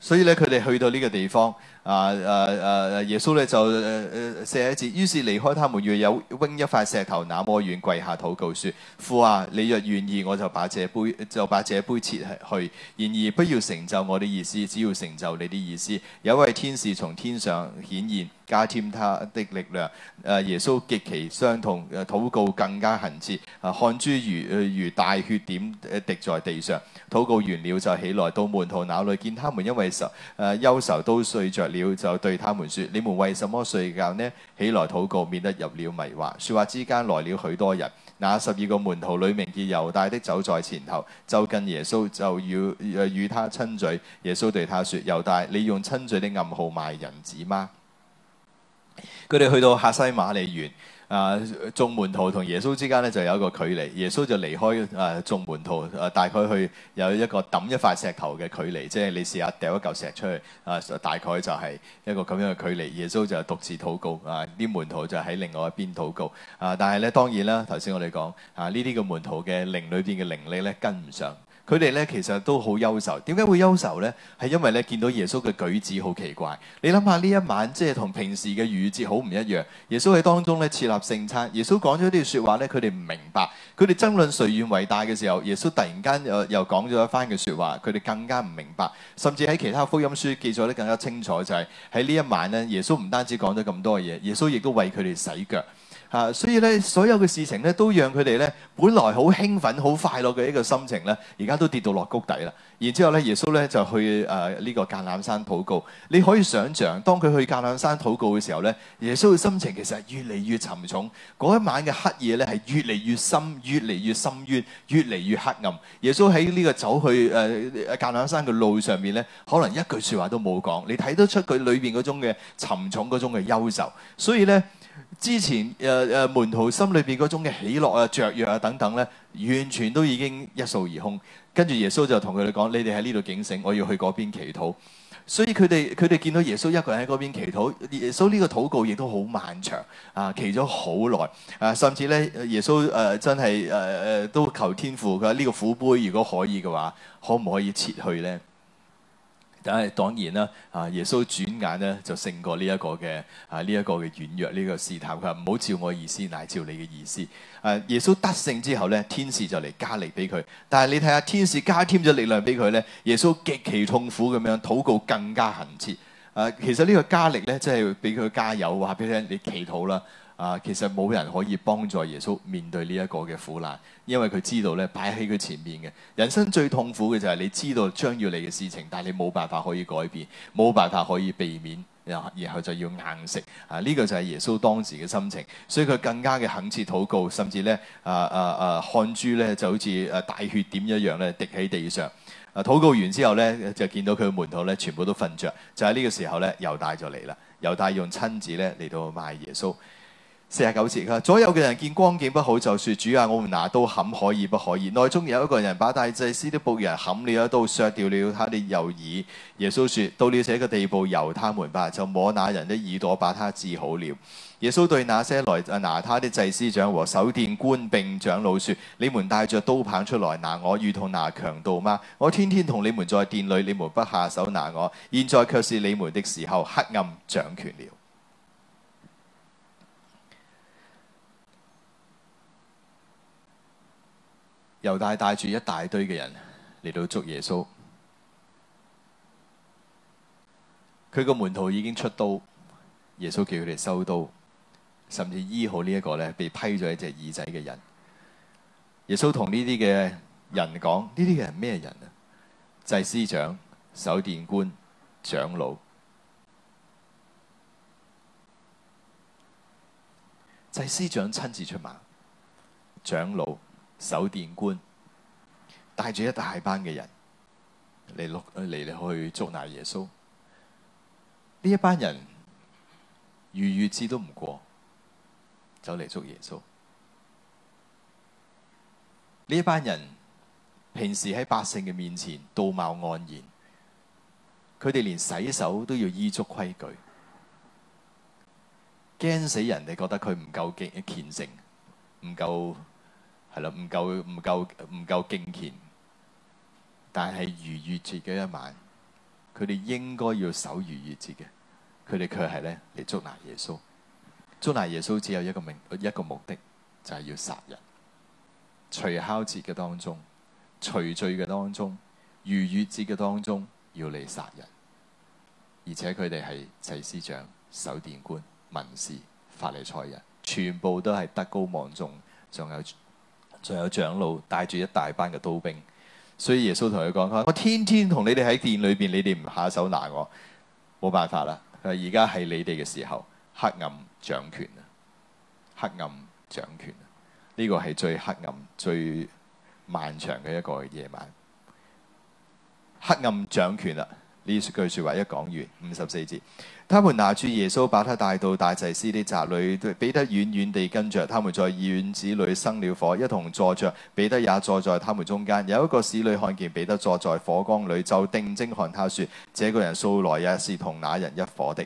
所以咧，佢哋去到呢個地方，啊啊啊！耶穌咧就誒誒、啊啊、寫一節，於是離開他們，約有扔一塊石頭那麼遠，跪下禱告，説：父啊，你若願意，我就把這杯就把這杯撤去。然而不要成就我的意思，只要成就你的意思。有位天使從天上顯現。加添他的力量。誒、啊，耶穌極其傷痛，誒、啊，禱告更加懇切。啊，汗珠如、啊、如大血點滴在地上。禱告完了就起來到門徒那裏，見他們因為愁、啊、憂愁都睡着了，就對他們説：你們為什麼睡覺呢？起來禱告，免得入了迷惑。説話之間來了許多人。那十二個門徒裏名叫猶大的走在前頭，就近耶穌就要誒、啊、與他親嘴。耶穌對他説：猶大，你用親嘴的暗號賣人子嗎？佢哋去到客西馬利園，啊、呃，眾門徒同耶穌之間咧就有一個距離，耶穌就離開啊，眾、呃、門徒啊、呃，大概去有一個揼一塊石頭嘅距離，即係你試下掉一嚿石出去，啊、呃，大概就係一個咁樣嘅距離，耶穌就獨自禱告，啊、呃，啲門徒就喺另外一邊禱告，啊、呃，但係咧當然啦，頭先我哋講，啊、呃，呢啲嘅門徒嘅靈裏邊嘅靈力咧跟唔上。佢哋咧其實都好憂愁，點解會憂愁咧？係因為咧見到耶穌嘅舉止好奇怪。你諗下呢一晚，即係同平時嘅逾節好唔一樣。耶穌喺當中咧設立聖餐，耶穌講咗啲説話咧，佢哋唔明白。佢哋爭論誰願為大嘅時候，耶穌突然間誒又講咗一番嘅説話，佢哋更加唔明白。甚至喺其他福音書記載得更加清楚，就係喺呢一晚咧，耶穌唔單止講咗咁多嘢，耶穌亦都為佢哋洗腳。啊，所以咧，所有嘅事情咧，都讓佢哋咧，本來好興奮、好快樂嘅一個心情咧，而家都跌到落谷底啦。然之後咧，耶穌咧就去誒呢、呃這個橄欖山禱告。你可以想像，當佢去橄欖山禱告嘅時候咧，耶穌嘅心情其實越嚟越沉重。嗰一晚嘅黑夜咧，係越嚟越深、越嚟越深淵、越嚟越黑暗。耶穌喺呢個走去誒、呃、橄欖山嘅路上面咧，可能一句説話都冇講。你睇得出佢裏邊嗰種嘅沉重、嗰種嘅憂愁。所以咧。之前誒誒、呃呃、門徒心裏邊嗰種嘅喜樂啊、雀躍啊等等咧，完全都已經一掃而空。跟住耶穌就同佢哋講：你哋喺呢度警醒，我要去嗰邊祈禱。所以佢哋佢哋見到耶穌一個人喺嗰邊祈禱，耶穌呢個禱告亦都好漫長啊，祈咗好耐啊，甚至咧耶穌誒、呃、真係誒誒都求天父，佢話呢個苦杯如果可以嘅話，可唔可以撤去咧？唉，當然啦！啊，耶穌轉眼咧就勝過呢一個嘅啊，呢一個嘅軟弱，呢、這個試探。佢話唔好照我意思，乃照你嘅意思。誒，耶穌得勝之後咧，天使就嚟加力俾佢。但係你睇下，天使加添咗力量俾佢咧，耶穌極其痛苦咁樣禱告，更加恆切。誒、啊，其實呢個加力咧，即係俾佢加油，話俾你聽，你祈禱啦。啊！其實冇人可以幫助耶穌面對呢一個嘅苦難，因為佢知道咧擺喺佢前面嘅人生最痛苦嘅就係你知道將要嚟嘅事情，但係你冇辦法可以改變，冇辦法可以避免，然後就要硬食啊！呢、這個就係耶穌當時嘅心情，所以佢更加嘅懇切禱告，甚至咧啊啊啊！汗、啊、珠咧就好似誒大血點一樣咧滴喺地上啊！禱告完之後咧就見到佢門徒咧全部都瞓着。就喺、是、呢個時候咧猶大就嚟啦，猶大用親子咧嚟到賣耶穌。四十九節，左右嘅人見光景不好就說，就説主啊，我們拿刀砍可以不可以？內中有一個人把大祭司的僕人砍了一刀，削掉了他的右耳。耶穌説：到了這個地步，由他們吧，就摸那人的耳朵，把他治好了。耶穌對那些來拿他的祭司長和守殿官並長老説：你們帶著刀棒出來，拿我如同拿強盜嗎？我天天同你們在殿裏，你們不下手拿我，現在卻是你們的時候，黑暗掌權了。猶大帶住一大堆嘅人嚟到捉耶穌，佢個門徒已經出刀，耶穌叫佢哋收刀，甚至醫好呢一個咧被批咗一隻耳仔嘅人。耶穌同呢啲嘅人講：呢啲嘅人咩人啊？祭司長、守殿官、長老、祭司長親自出馬、長老。守殿官帶住一大班嘅人嚟錄嚟嚟去捉拿耶穌，呢一班人逾越節都唔過，走嚟捉耶穌。呢一班人平時喺百姓嘅面前道貌岸然，佢哋連洗手都要依足規矩，驚死人哋覺得佢唔夠潔虔誠，唔夠。係啦，唔夠唔夠唔夠敬虔，但係逾越節嘅一晚，佢哋應該要守逾越節嘅，佢哋卻係咧嚟捉拿耶穌。捉拿耶穌只有一個名一個目的，就係、是、要殺人。除酵節嘅當中，除罪嘅當中，逾越節嘅當中要嚟殺人，而且佢哋係祭司長、守殿官、文士、法利賽人，全部都係德高望重，仲有。仲有長老帶住一大班嘅刀兵，所以耶穌同佢講：我天天同你哋喺殿裏邊，你哋唔下手拿我，冇辦法啦。而家係你哋嘅時候，黑暗掌權啦，黑暗掌權。呢個係最黑暗、最漫長嘅一個夜晚，黑暗掌權啦。呢句說話一講完，五十四節。他們拿住耶穌，把他帶到大祭司的宅裏，彼得遠遠地跟着。他們在院子裏生了火，一同坐著，彼得也坐在他們中間。有一個使女看見彼得坐在火光裏，就定睛看他說：這個人素來也是同那人一伙的。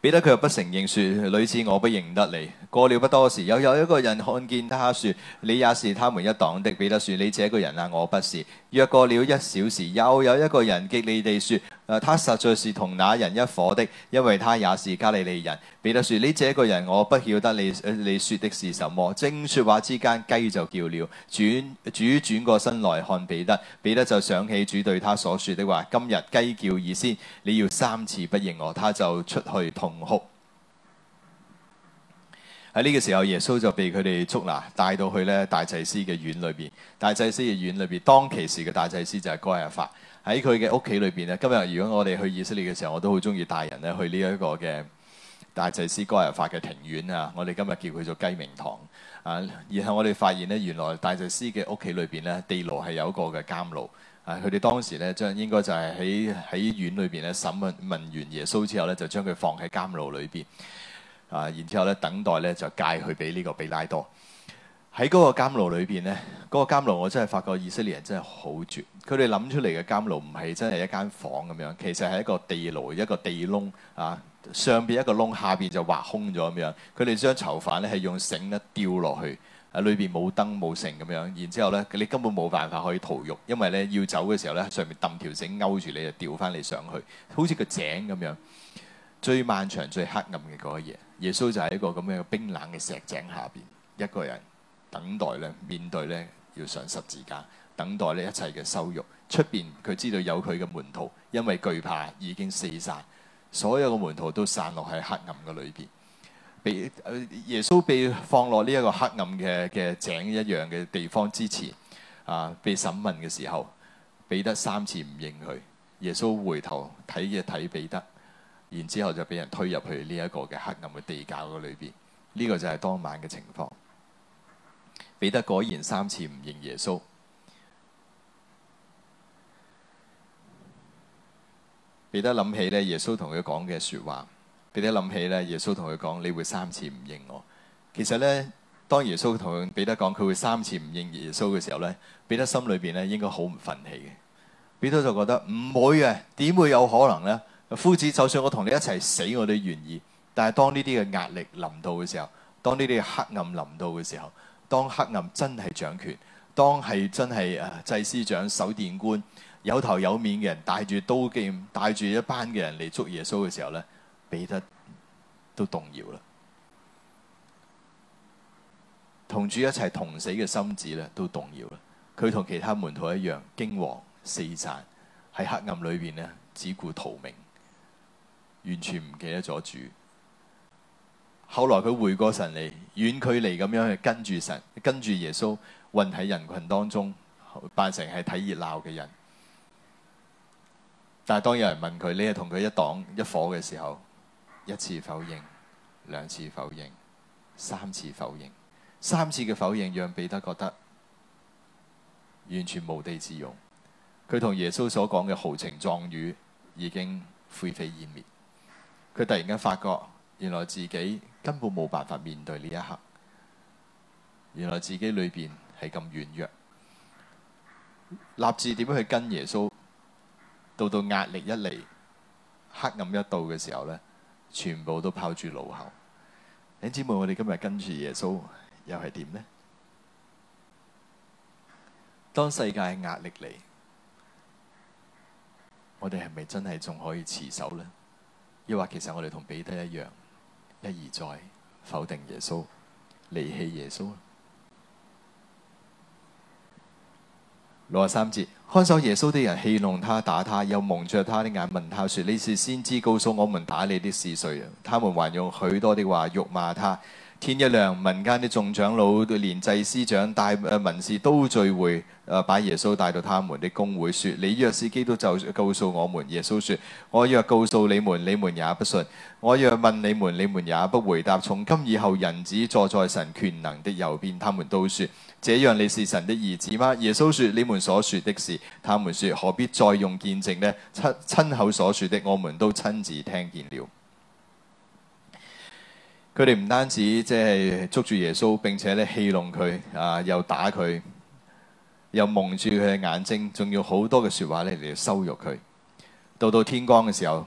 彼得卻不承認，說：女子我不認得你。過了不多時，又有一個人看見他說：你也是他們一黨的。彼得說：你這個人啊，我不是。約過了一小時，又有一個人激你地說。誒，他實在是同那人一伙的，因為他也是加利利人。彼得説：你這個人我不曉得你誒，你説的是什麼？正說話之間，雞就叫了。主主轉過身來看彼得，彼得就想起主對他所說的話：今日雞叫以先，你要三次不認我。他就出去痛哭。喺呢個時候，耶穌就被佢哋捉拿，帶到去呢大祭司嘅院裏邊。大祭司嘅院裏邊，當其時嘅大祭司就係該亞法。喺佢嘅屋企裏邊咧，今日如果我哋去以色列嘅時候，我都好中意帶人咧去呢一個嘅大祭司該亞法嘅庭院啊！我哋今日叫佢做雞鳴堂啊！然後我哋發現咧，原來大祭司嘅屋企裏邊咧，地牢係有一個嘅監牢啊！佢哋當時咧將應該就係喺喺院裏邊咧審問問完耶穌之後咧，就將佢放喺監牢裏邊啊！然之後咧等待咧就介去俾呢個比拉多。喺嗰個監牢裏邊呢，嗰個監牢我真係發覺以色列人真係好絕。佢哋諗出嚟嘅監牢唔係真係一間房咁樣，其實係一個地牢、一個地窿啊。上邊一個窿，下邊就挖空咗咁樣。佢哋將囚犯呢係用繩咧吊落去，喺裏邊冇燈冇繩咁樣。然之後呢，你根本冇辦法可以逃獄，因為咧要走嘅時候呢，上面掟條繩勾住你，就吊翻你上去，好似個井咁樣。最漫長、最黑暗嘅嗰一夜，耶穌就喺一個咁樣冰冷嘅石井下邊一個人。等待咧，面對咧，要上十字架。等待呢一切嘅羞辱。出邊佢知道有佢嘅門徒，因為懼怕已經四散，所有嘅門徒都散落喺黑暗嘅裏邊。被、呃、耶穌被放落呢一個黑暗嘅嘅井一樣嘅地方之前，啊，被審問嘅時候，彼得三次唔認佢。耶穌回頭睇嘅睇彼得，然之後就俾人推入去呢一個嘅黑暗嘅地窖嘅裏邊。呢、這個就係當晚嘅情況。彼得果然三次唔認耶穌。彼得諗起咧，耶穌同佢講嘅說話；彼得諗起咧，耶穌同佢講，你會三次唔認我。其實咧，當耶穌同彼得講佢會三次唔認耶穌嘅時候咧，彼得心裏邊咧應該好唔忿氣嘅。彼得就覺得唔會嘅，點會有可能咧？夫子，就算我同你一齊死，我都願意。但係當呢啲嘅壓力臨到嘅時候，當呢啲黑暗臨到嘅時候。當黑暗真係掌權，當係真係祭司長、守殿官有頭有面嘅人帶住刀劍、帶住一班嘅人嚟捉耶穌嘅時候呢，彼得都動搖啦。同主一齊同死嘅心志咧都動搖啦。佢同其他門徒一樣驚惶四散，喺黑暗裏邊呢，只顧逃命，完全唔記得咗主。後來佢回過神嚟，遠距離咁樣去跟住神，跟住耶穌混喺人群當中，扮成係睇熱鬧嘅人。但係當有人問佢，你係同佢一黨一夥嘅時候，一次否認，兩次否認，三次否認，三次嘅否認，讓彼得覺得完全無地自容。佢同耶穌所講嘅豪情壯語已經灰飛煙滅。佢突然間發覺。原來自己根本冇辦法面對呢一刻，原來自己裏邊係咁軟弱，立志點樣去跟耶穌，到到壓力一嚟，黑暗一到嘅時候呢，全部都拋住腦後。你知冇，我哋今日跟住耶穌又係點呢？當世界壓力嚟，我哋係咪真係仲可以持守呢？抑或其實我哋同彼得一樣？一而再否定耶穌，離棄耶穌。六十三節，看守耶穌的人戲弄他、打他，又蒙著他的眼，問他說：你是先知，告訴我們打你的是誰啊？他們還用許多的話辱罵他。天一亮，民間啲眾長老、連祭司長、帶誒文士都聚會，誒、呃、把耶穌帶到他們的公會，説：你若是基督，就告訴我們。耶穌説：我若告訴你們，你們也不信；我若問你們，你們也不回答。從今以後，人子坐在神權能的右邊，他們都説：這樣你是神的兒子嗎？耶穌説：你們所説的是。他們説：何必再用見證呢？親親口所説的，我們都親自聽見了。佢哋唔單止即係捉住耶穌，並且咧戲弄佢，啊、呃、又打佢，又蒙住佢嘅眼睛，仲要好多嘅說話咧嚟羞辱佢。到到天光嘅時候，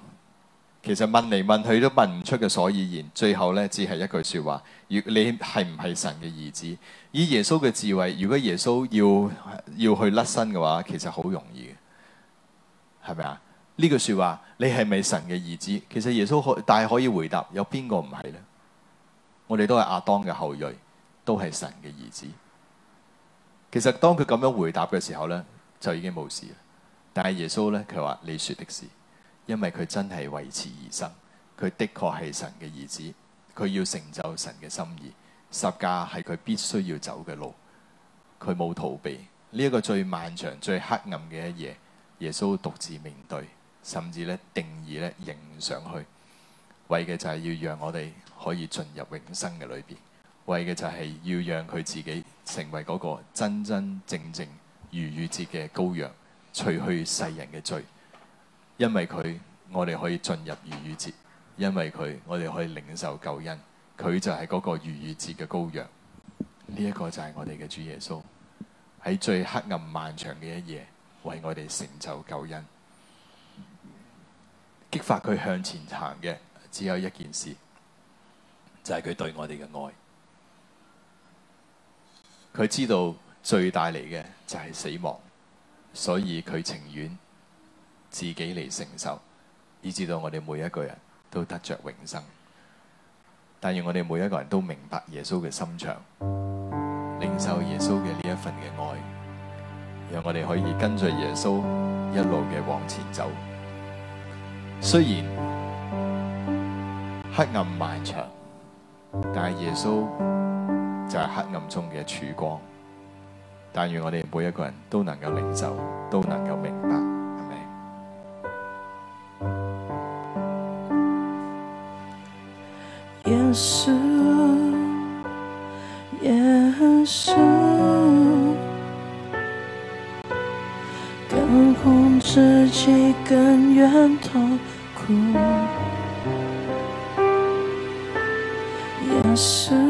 其實問嚟問去都問唔出嘅所以然。最後咧只係一句說話：如你係唔係神嘅兒子？以耶穌嘅智慧，如果耶穌要要去甩身嘅話，其實好容易嘅，係咪啊？呢句說話，你係咪神嘅兒子？其實耶穌可但係可以回答，有邊個唔係咧？我哋都係亞當嘅後裔，都係神嘅兒子。其實當佢咁樣回答嘅時候呢，就已經冇事。但係耶穌呢，佢話你說的是，因為佢真係為此而生，佢的確係神嘅兒子，佢要成就神嘅心意，十架係佢必須要走嘅路，佢冇逃避呢一個最漫長、最黑暗嘅一夜。耶穌獨自面對，甚至咧定意呢，迎上去，為嘅就係要讓我哋。可以進入永生嘅裏邊，為嘅就係要讓佢自己成為嗰個真真正正逾越節嘅羔羊，除去世人嘅罪。因為佢，我哋可以進入逾越節；因為佢，我哋可以領受救恩。佢就係嗰個逾越節嘅羔羊。呢一個就係我哋嘅主耶穌喺最黑暗漫長嘅一夜，為我哋成就救恩，激發佢向前行嘅，只有一件事。就係佢對我哋嘅愛，佢知道罪帶嚟嘅就係死亡，所以佢情願自己嚟承受，以至到我哋每一個人都得着永生。但願我哋每一個人都明白耶穌嘅心腸，領受耶穌嘅呢一份嘅愛，讓我哋可以跟住耶穌一路嘅往前走。雖然黑暗漫長。但係耶穌就係黑暗中嘅曙光，但願我哋每一個人都能夠領受，都能夠明白。係咪？是。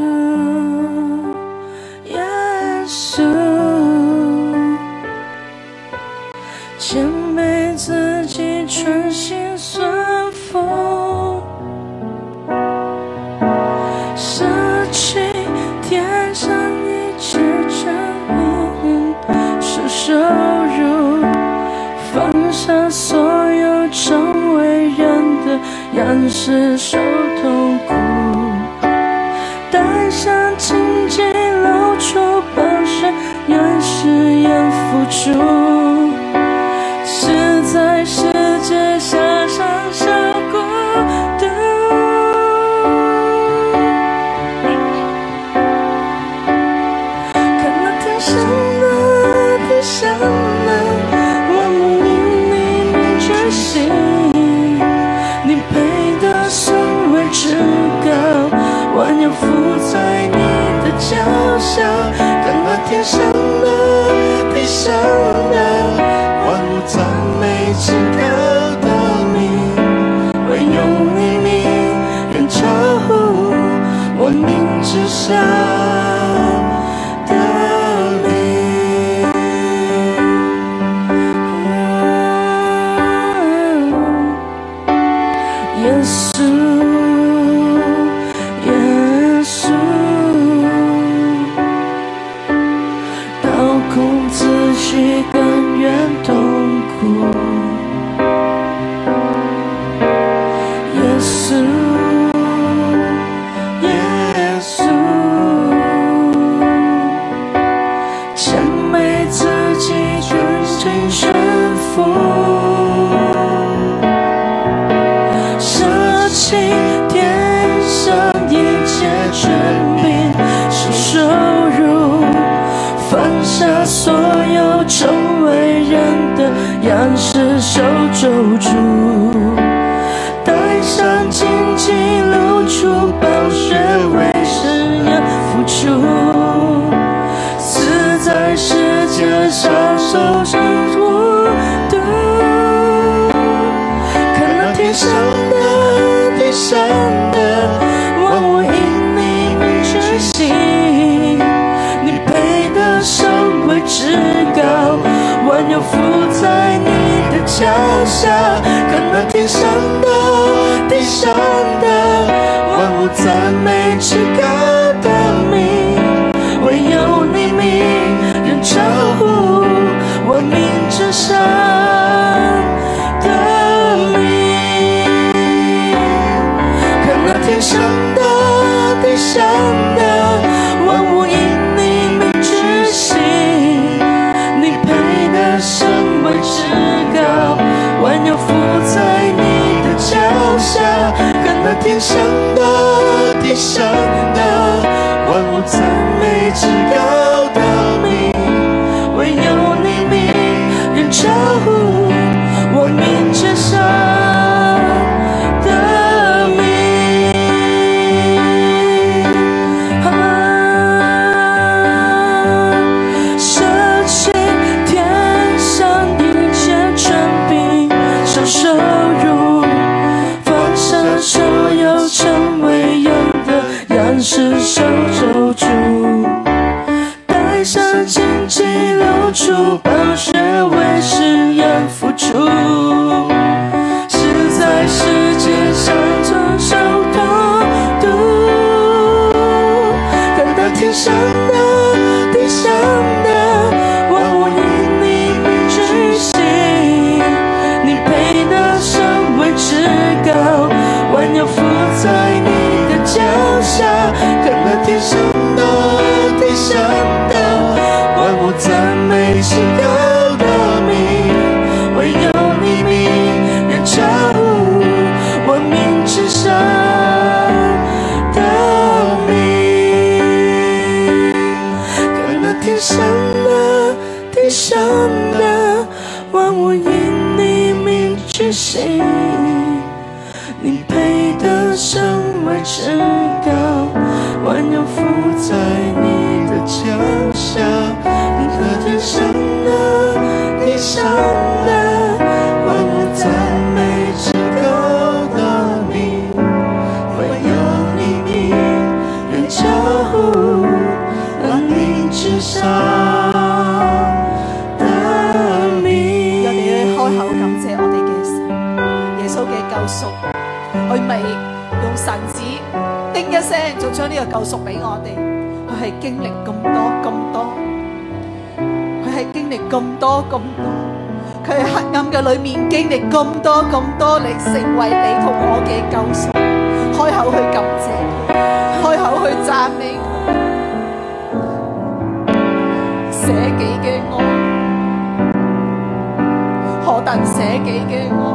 伏在你的腳下，看那天上的、地上的萬物讚美之。嘅救贖，佢未用神子釘一聲，就將呢個救贖俾我哋。佢係經歷咁多咁多，佢係經歷咁多咁多，佢喺黑暗嘅裏面經歷咁多咁多，嚟成為你同我嘅救贖。開口去感謝佢，開口去讚美佢，捨己嘅愛，何等捨己嘅愛！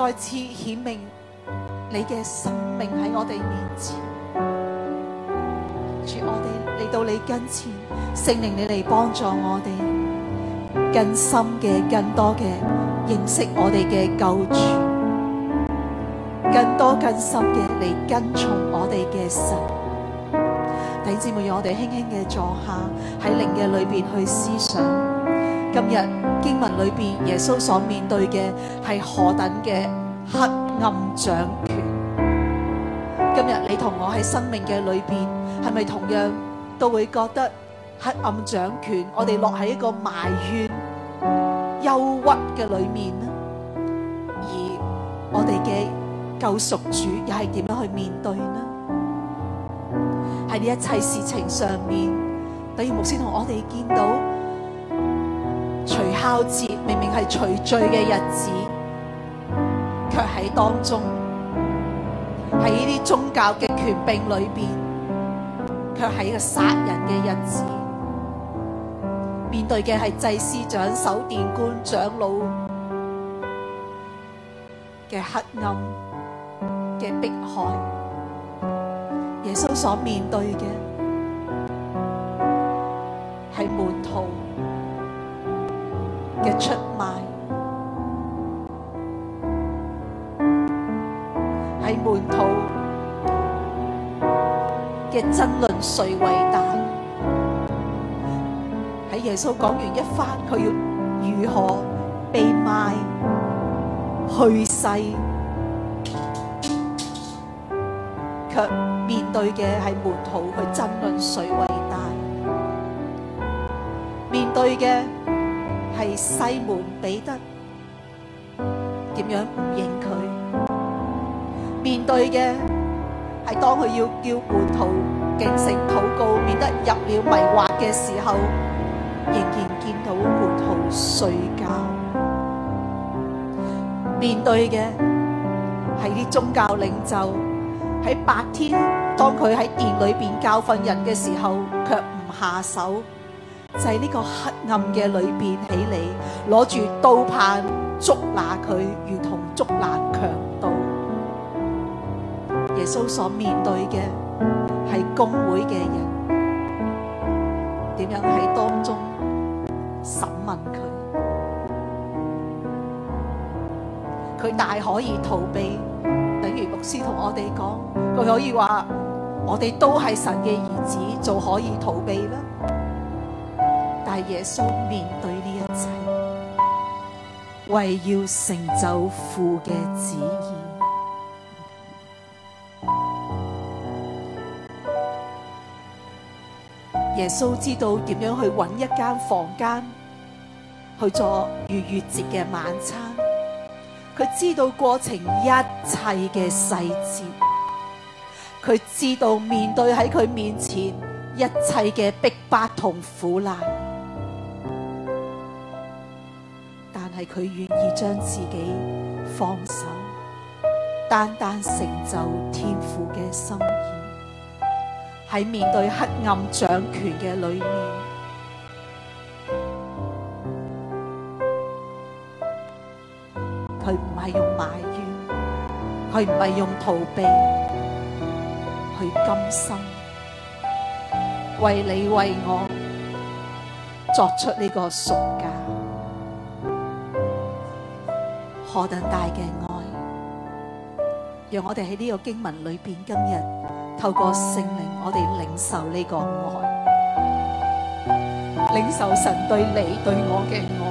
再次顯明你嘅生命喺我哋面前，主，我哋嚟到你跟前，聖靈，你嚟幫助我哋，更深嘅、更多嘅認識我哋嘅救主，更多更深嘅嚟跟從我哋嘅神。弟兄姊妹，我哋輕輕嘅坐下喺靈嘅裏邊去思想。今日經文裏邊，耶穌所面對嘅，係何等嘅黑暗掌權？今日你同我喺生命嘅裏邊，係咪同樣都會覺得黑暗掌權？我哋落喺一個埋怨、憂鬱嘅裏面呢？而我哋嘅救贖主又係點樣去面對呢？喺呢一切事情上面，等於牧師同我哋見到。饕餮明明係除罪嘅日子，卻喺當中，喺呢啲宗教嘅權柄裏邊，卻係一個殺人嘅日子，面對嘅係祭司長、守殿官、長老嘅黑暗嘅迫害，耶穌所面對嘅係門徒。嘅出賣，係門徒嘅爭論誰為大。喺耶穌講完一番，佢要如何被賣、去世，卻面對嘅係門徒去爭論誰為大，面對嘅。係西門彼得點樣唔認佢？面對嘅係當佢要叫門徒警醒禱告，免得入了迷惑嘅時候，仍然見到門徒睡覺。面對嘅係啲宗教領袖喺白天當佢喺殿裏邊教訓人嘅時候，卻唔下手。就喺呢個黑暗嘅裏邊，起嚟攞住刀棒捉拿佢，如同捉拿強盜。耶穌所面對嘅係公會嘅人，點樣喺當中審問佢。佢大可以逃避，等於牧師同我哋講，佢可以話我哋都係神嘅兒子，就可以逃避啦。係耶穌面對呢一切，為要成就父嘅旨意。耶穌知道點樣去揾一間房間去做逾越節嘅晚餐，佢知道過程一切嘅細節，佢知道面對喺佢面前一切嘅逼迫同苦難。佢願意將自己放手，單單成就天父嘅心意。喺面對黑暗掌權嘅裏面，佢唔係用埋怨，佢唔係用逃避，去甘心為你為我作出呢個贖價。我等大嘅愛，讓我哋喺呢個經文裏邊，今日透過聖靈，我哋領受呢個愛，領受神對你對我嘅愛。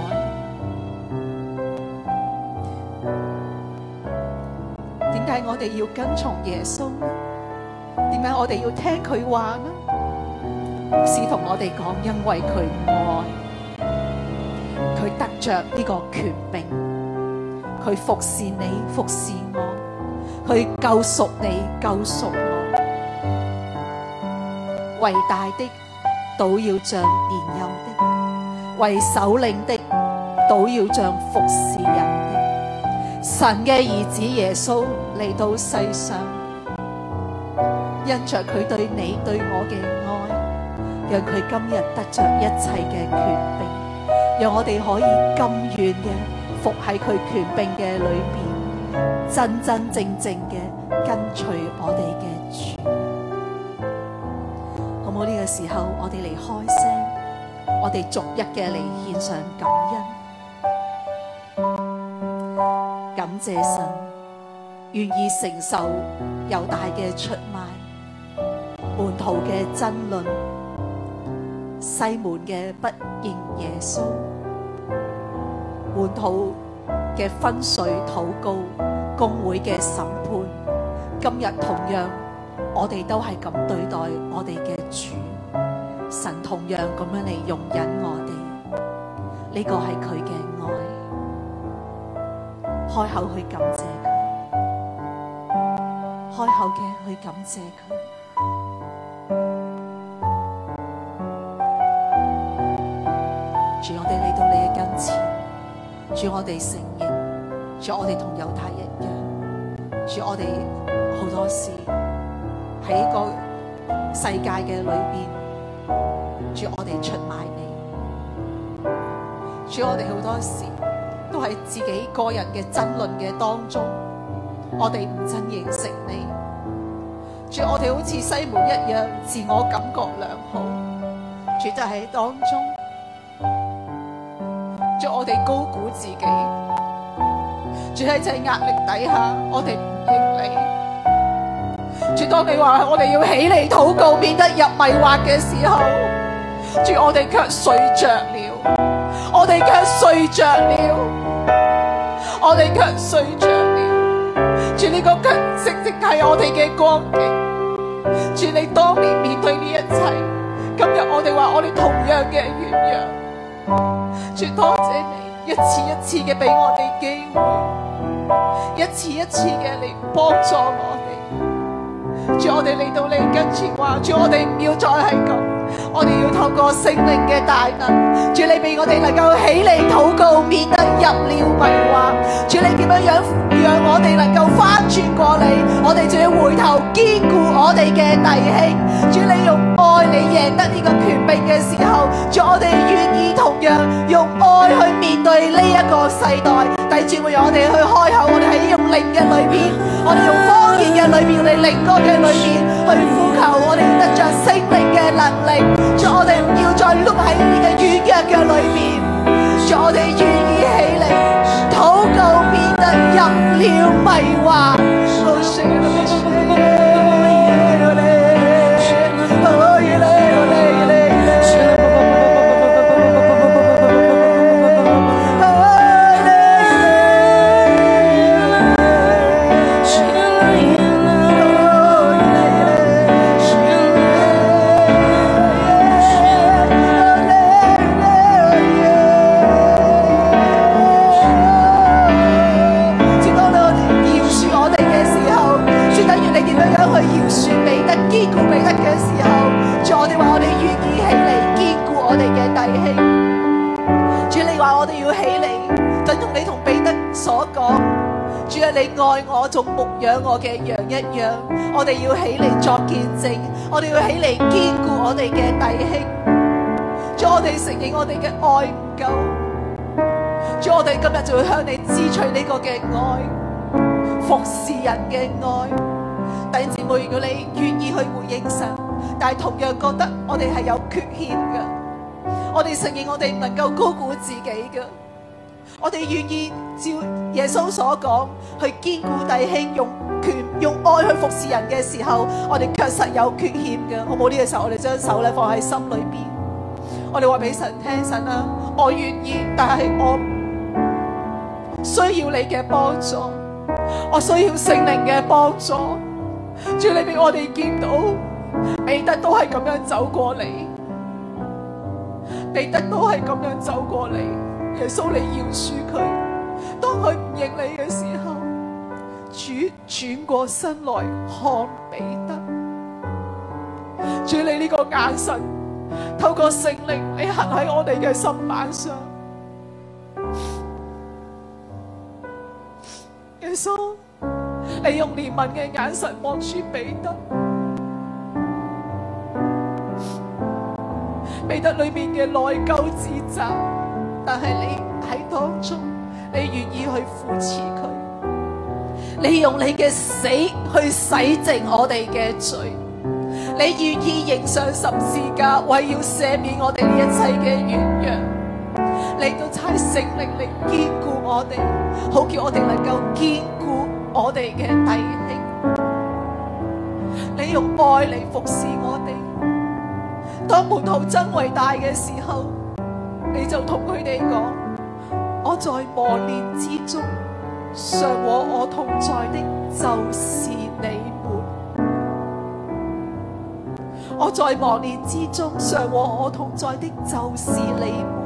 點解我哋要跟從耶穌？點解我哋要聽佢話呢？是同我哋講，因為佢愛，佢得着呢個權柄。佢服侍你，服侍我；佢救贖你，救贖我。為大的，倒要像年幼的；為首領的，倒要像服侍人的。神嘅兒子耶穌嚟到世上，因着佢對你對我嘅愛，讓佢今日得着一切嘅權柄，讓我哋可以甘願嘅。伏喺佢權柄嘅裏邊，真真正正嘅跟隨我哋嘅主，好唔好？呢、這個時候我，我哋嚟開聲，我哋逐一嘅嚟獻上感恩，感謝神願意承受猶大嘅出賣，門徒嘅爭論，西門嘅不認耶穌。本土嘅分稅禱告公會嘅審判，今日同樣我哋都係咁對待我哋嘅主，神同樣咁樣嚟容忍我哋，呢個係佢嘅愛，開口去感謝佢，開口嘅去感謝佢。主我哋承認，主我哋同猶太一樣，主我哋好多事喺個世界嘅裏邊，主我哋出賣你，主我哋好多時都係自己個人嘅爭論嘅當中，我哋唔真認識你，主我哋好似西門一樣，自我感覺良好，主就喺當中。我哋高估自己，主喺制壓力底下，我哋唔認你。主當你話我哋要起嚟禱告，免得入迷惑嘅時候，主我哋卻睡着了，我哋卻睡着了，我哋卻睡着了。主你個卻，正正係我哋嘅光景。主你當年面對呢一切，今日我哋話我哋同樣嘅軟弱。主多謝你一次一次嘅俾我哋機會，一次一次嘅嚟幫助我哋。主我哋嚟到你跟前，話主我哋唔要再係咁，我哋要透過聖靈嘅大能。主你俾我哋能夠起嚟禱告，免得入了迷惑。主你點樣樣讓我哋能夠翻轉過嚟？我哋就要回頭堅固我哋嘅弟兄，主你用愛，你贏得呢個權柄嘅時候，主我哋願意同樣用愛去面對呢一個世代，第住會讓我哋去開口，我哋喺用靈嘅裏邊，我哋用方言嘅裏邊，我哋靈歌嘅裏邊去呼求，我哋得着聖靈嘅能力，主我哋唔要再碌喺呢個軟弱嘅裏邊，主我哋願意起嚟禱告，免得入了迷惑。若你愛我，仲牧養我嘅羊一樣，我哋要起嚟作見證，我哋要起嚟堅固我哋嘅弟兄。主，我哋承認我哋嘅愛唔夠；主，我哋今日就會向你支取呢個嘅愛，服侍人嘅愛。弟兄姊妹，如果你願意去回應神，但係同樣覺得我哋係有缺陷噶，我哋承認我哋唔能夠高估自己噶。我哋願意照耶穌所講去堅固弟兄，用權用愛去服侍人嘅時候，我哋確實有缺陷嘅，好冇？呢個時候我哋將手咧放喺心裏邊，我哋話俾神聽神啦，我願意，但係我需要你嘅幫助，我需要聖靈嘅幫助，求你俾我哋見到彼得都係咁樣走過嚟，彼得都係咁樣走過嚟。耶穌，你饒恕佢。當佢唔認你嘅時候，主轉過身來看彼得。主，你呢個眼神，透過聖靈，你行喺我哋嘅心板上。耶穌，你用憐憫嘅眼神望住彼得。彼得裏面嘅內疚、自責。但係你喺當中，你願意去扶持佢，你用你嘅死去洗淨我哋嘅罪，你願意迎上十字架，為要赦免我哋呢一切嘅軟弱，你到差神力嚟堅固我哋，好叫我哋能夠堅固我哋嘅弟兄，你用愛嚟服侍我哋，當門徒真為大嘅時候。你就同佢哋講，我在磨練之中，常和我同在的，就是你們。我在磨練之中，常和我同在的，就是你們。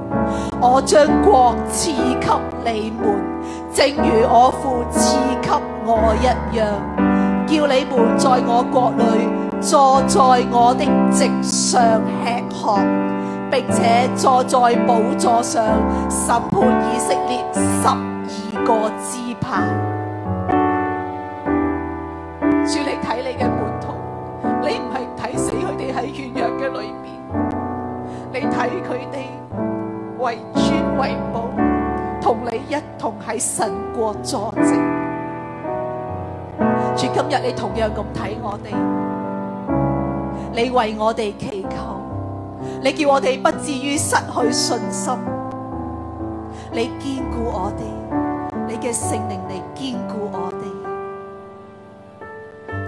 我將國賜給你們，正如我父賜給我一樣，叫你們在我國裏坐在我的席上吃喝。並且坐在寶座上審判以色列十二個支派。主，你睇你嘅門徒，你唔係睇死佢哋喺軟弱嘅裏邊，你睇佢哋為尊為母，同你一同喺神國坐席。主，今日你同樣咁睇我哋，你為我哋祈。你叫我哋不至於失去信心，你堅固我哋，你嘅聖靈嚟堅固我哋。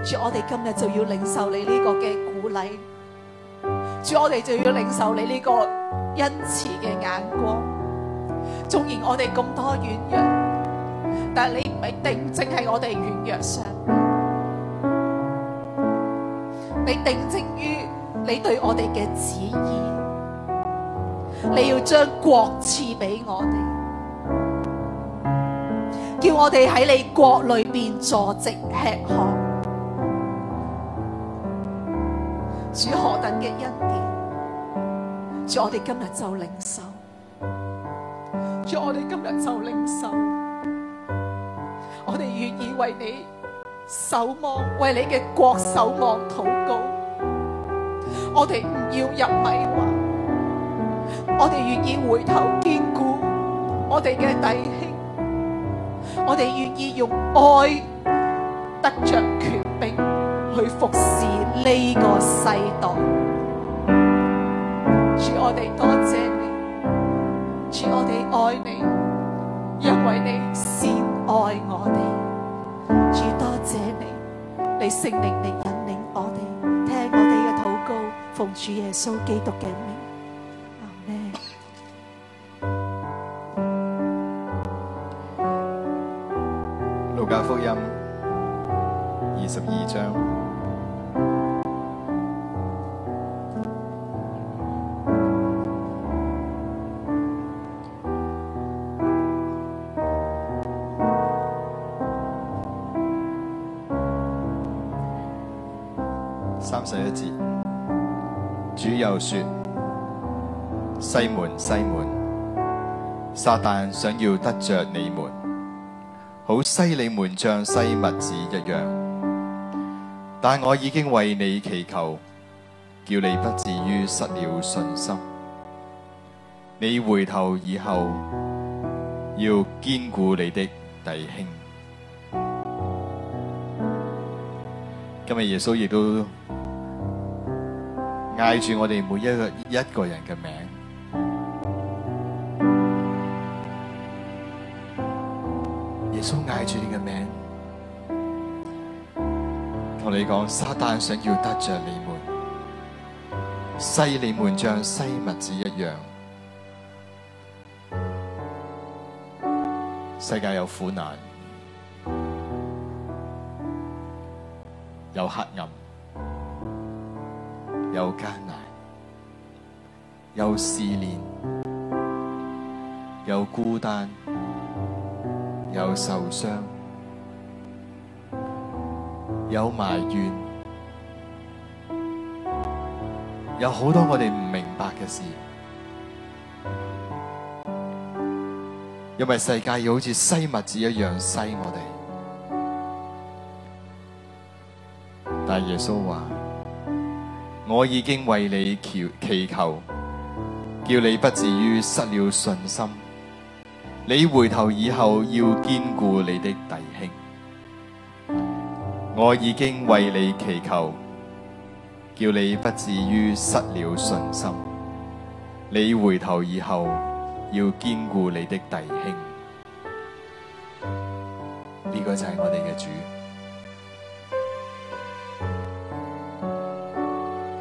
主，我哋今日就要領受你呢個嘅鼓勵。主，我哋就要領受你呢個恩慈嘅眼光。縱然我哋咁多軟弱，但係你唔係定睛喺我哋軟弱上面，你定睛於。你對我哋嘅旨意，你要將國賜俾我哋，叫我哋喺你國裏邊坐席吃喝，主何等嘅恩典，主，我哋今日就領受，主，我哋今日就領受，我哋願意為你守望，為你嘅國守望禱告。我哋唔要入迷惑，我哋願意回頭堅固我哋嘅弟兄，我哋願意用愛得着權柄去服侍呢個世代。主我哋多謝你，主我哋愛你，因為你先愛我哋。主多謝你，你聖靈嚟引領我哋。奉主耶穌基督嘅名，阿門。路加福音二十二章。說：西門，西門，撒旦想要得着你們，好篩你們，像篩麥子一樣，但我已經為你祈求，叫你不至於失了信心。你回頭以後，要堅固你的弟兄。今日耶穌亦都。嗌住我哋每一個一個人嘅名，耶穌嗌住你嘅名，同你講，撒旦想要得著你們，篩你們像篩麥子一樣。世界有苦難，有黑暗。有艱難，有試煉，有孤單，有受傷，有埋怨，有好多我哋唔明白嘅事，因為世界要好似篩麥子一樣篩我哋，但耶穌話。我已經為你祈祈求，叫你不至於失了信心。你回頭以後要堅固你的弟兄。我已經為你祈求，叫你不至於失了信心。你回頭以後要堅固你的弟兄。呢個就係我哋嘅主。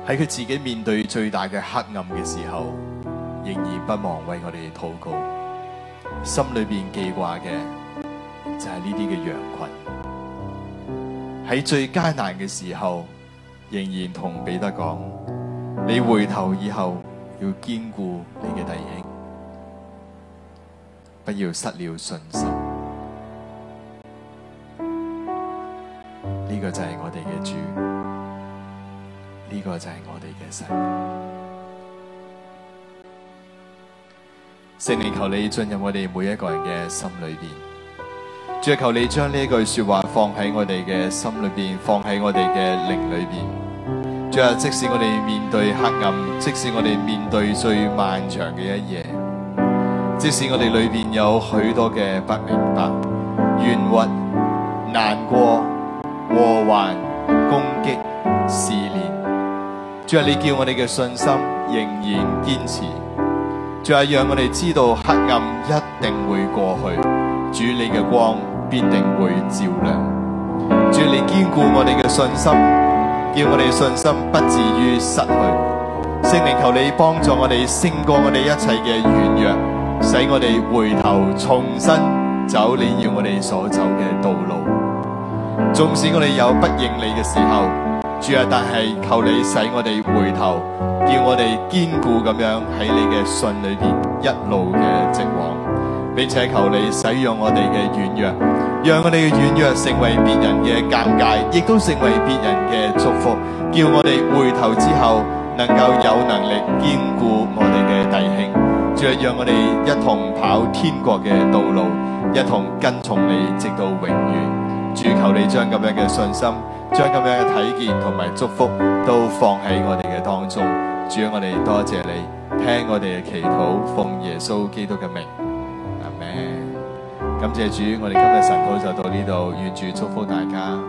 喺佢自己面對最大嘅黑暗嘅時候，仍然不忘為我哋禱告，心裏面記掛嘅就係呢啲嘅羊群。喺最艱難嘅時候，仍然同彼得講：你回頭以後要堅固你嘅弟兄，不要失了信心。就係我哋嘅生命。聖靈求你進入我哋每一個人嘅心裏邊，主求你將呢一句說話放喺我哋嘅心裏邊，放喺我哋嘅靈裏邊，最後，即使我哋面對黑暗，即使我哋面對最漫長嘅一夜，即使我哋裏邊有許多嘅不明白、冤屈、難過、禍患、攻擊時。事主啊，你叫我哋嘅信心仍然堅持；主啊，讓我哋知道黑暗一定會過去，主你嘅光必定會照亮。主你堅固我哋嘅信心，叫我哋嘅信心不至於失去。聖靈，求你幫助我哋勝過我哋一切嘅軟弱，使我哋回頭重新走你要我哋所走嘅道路。縱使我哋有不認你嘅時候。主啊！但係求你使我哋回頭，叫我哋堅固咁樣喺你嘅信裏面一路嘅直往。並且求你使用我哋嘅軟弱，讓我哋嘅軟弱成為別人嘅尷尬，亦都成為別人嘅祝福。叫我哋回頭之後能夠有能力堅固我哋嘅弟兄。主啊！讓我哋一同跑天國嘅道路，一同跟從你直到永遠。主求你將咁樣嘅信心。將咁樣嘅體驗同埋祝福都放喺我哋嘅當中，主啊，我哋多謝你，聽我哋嘅祈禱，奉耶穌基督嘅名，Amen，感謝主，我哋今日晨禱就到呢度，願主祝福大家。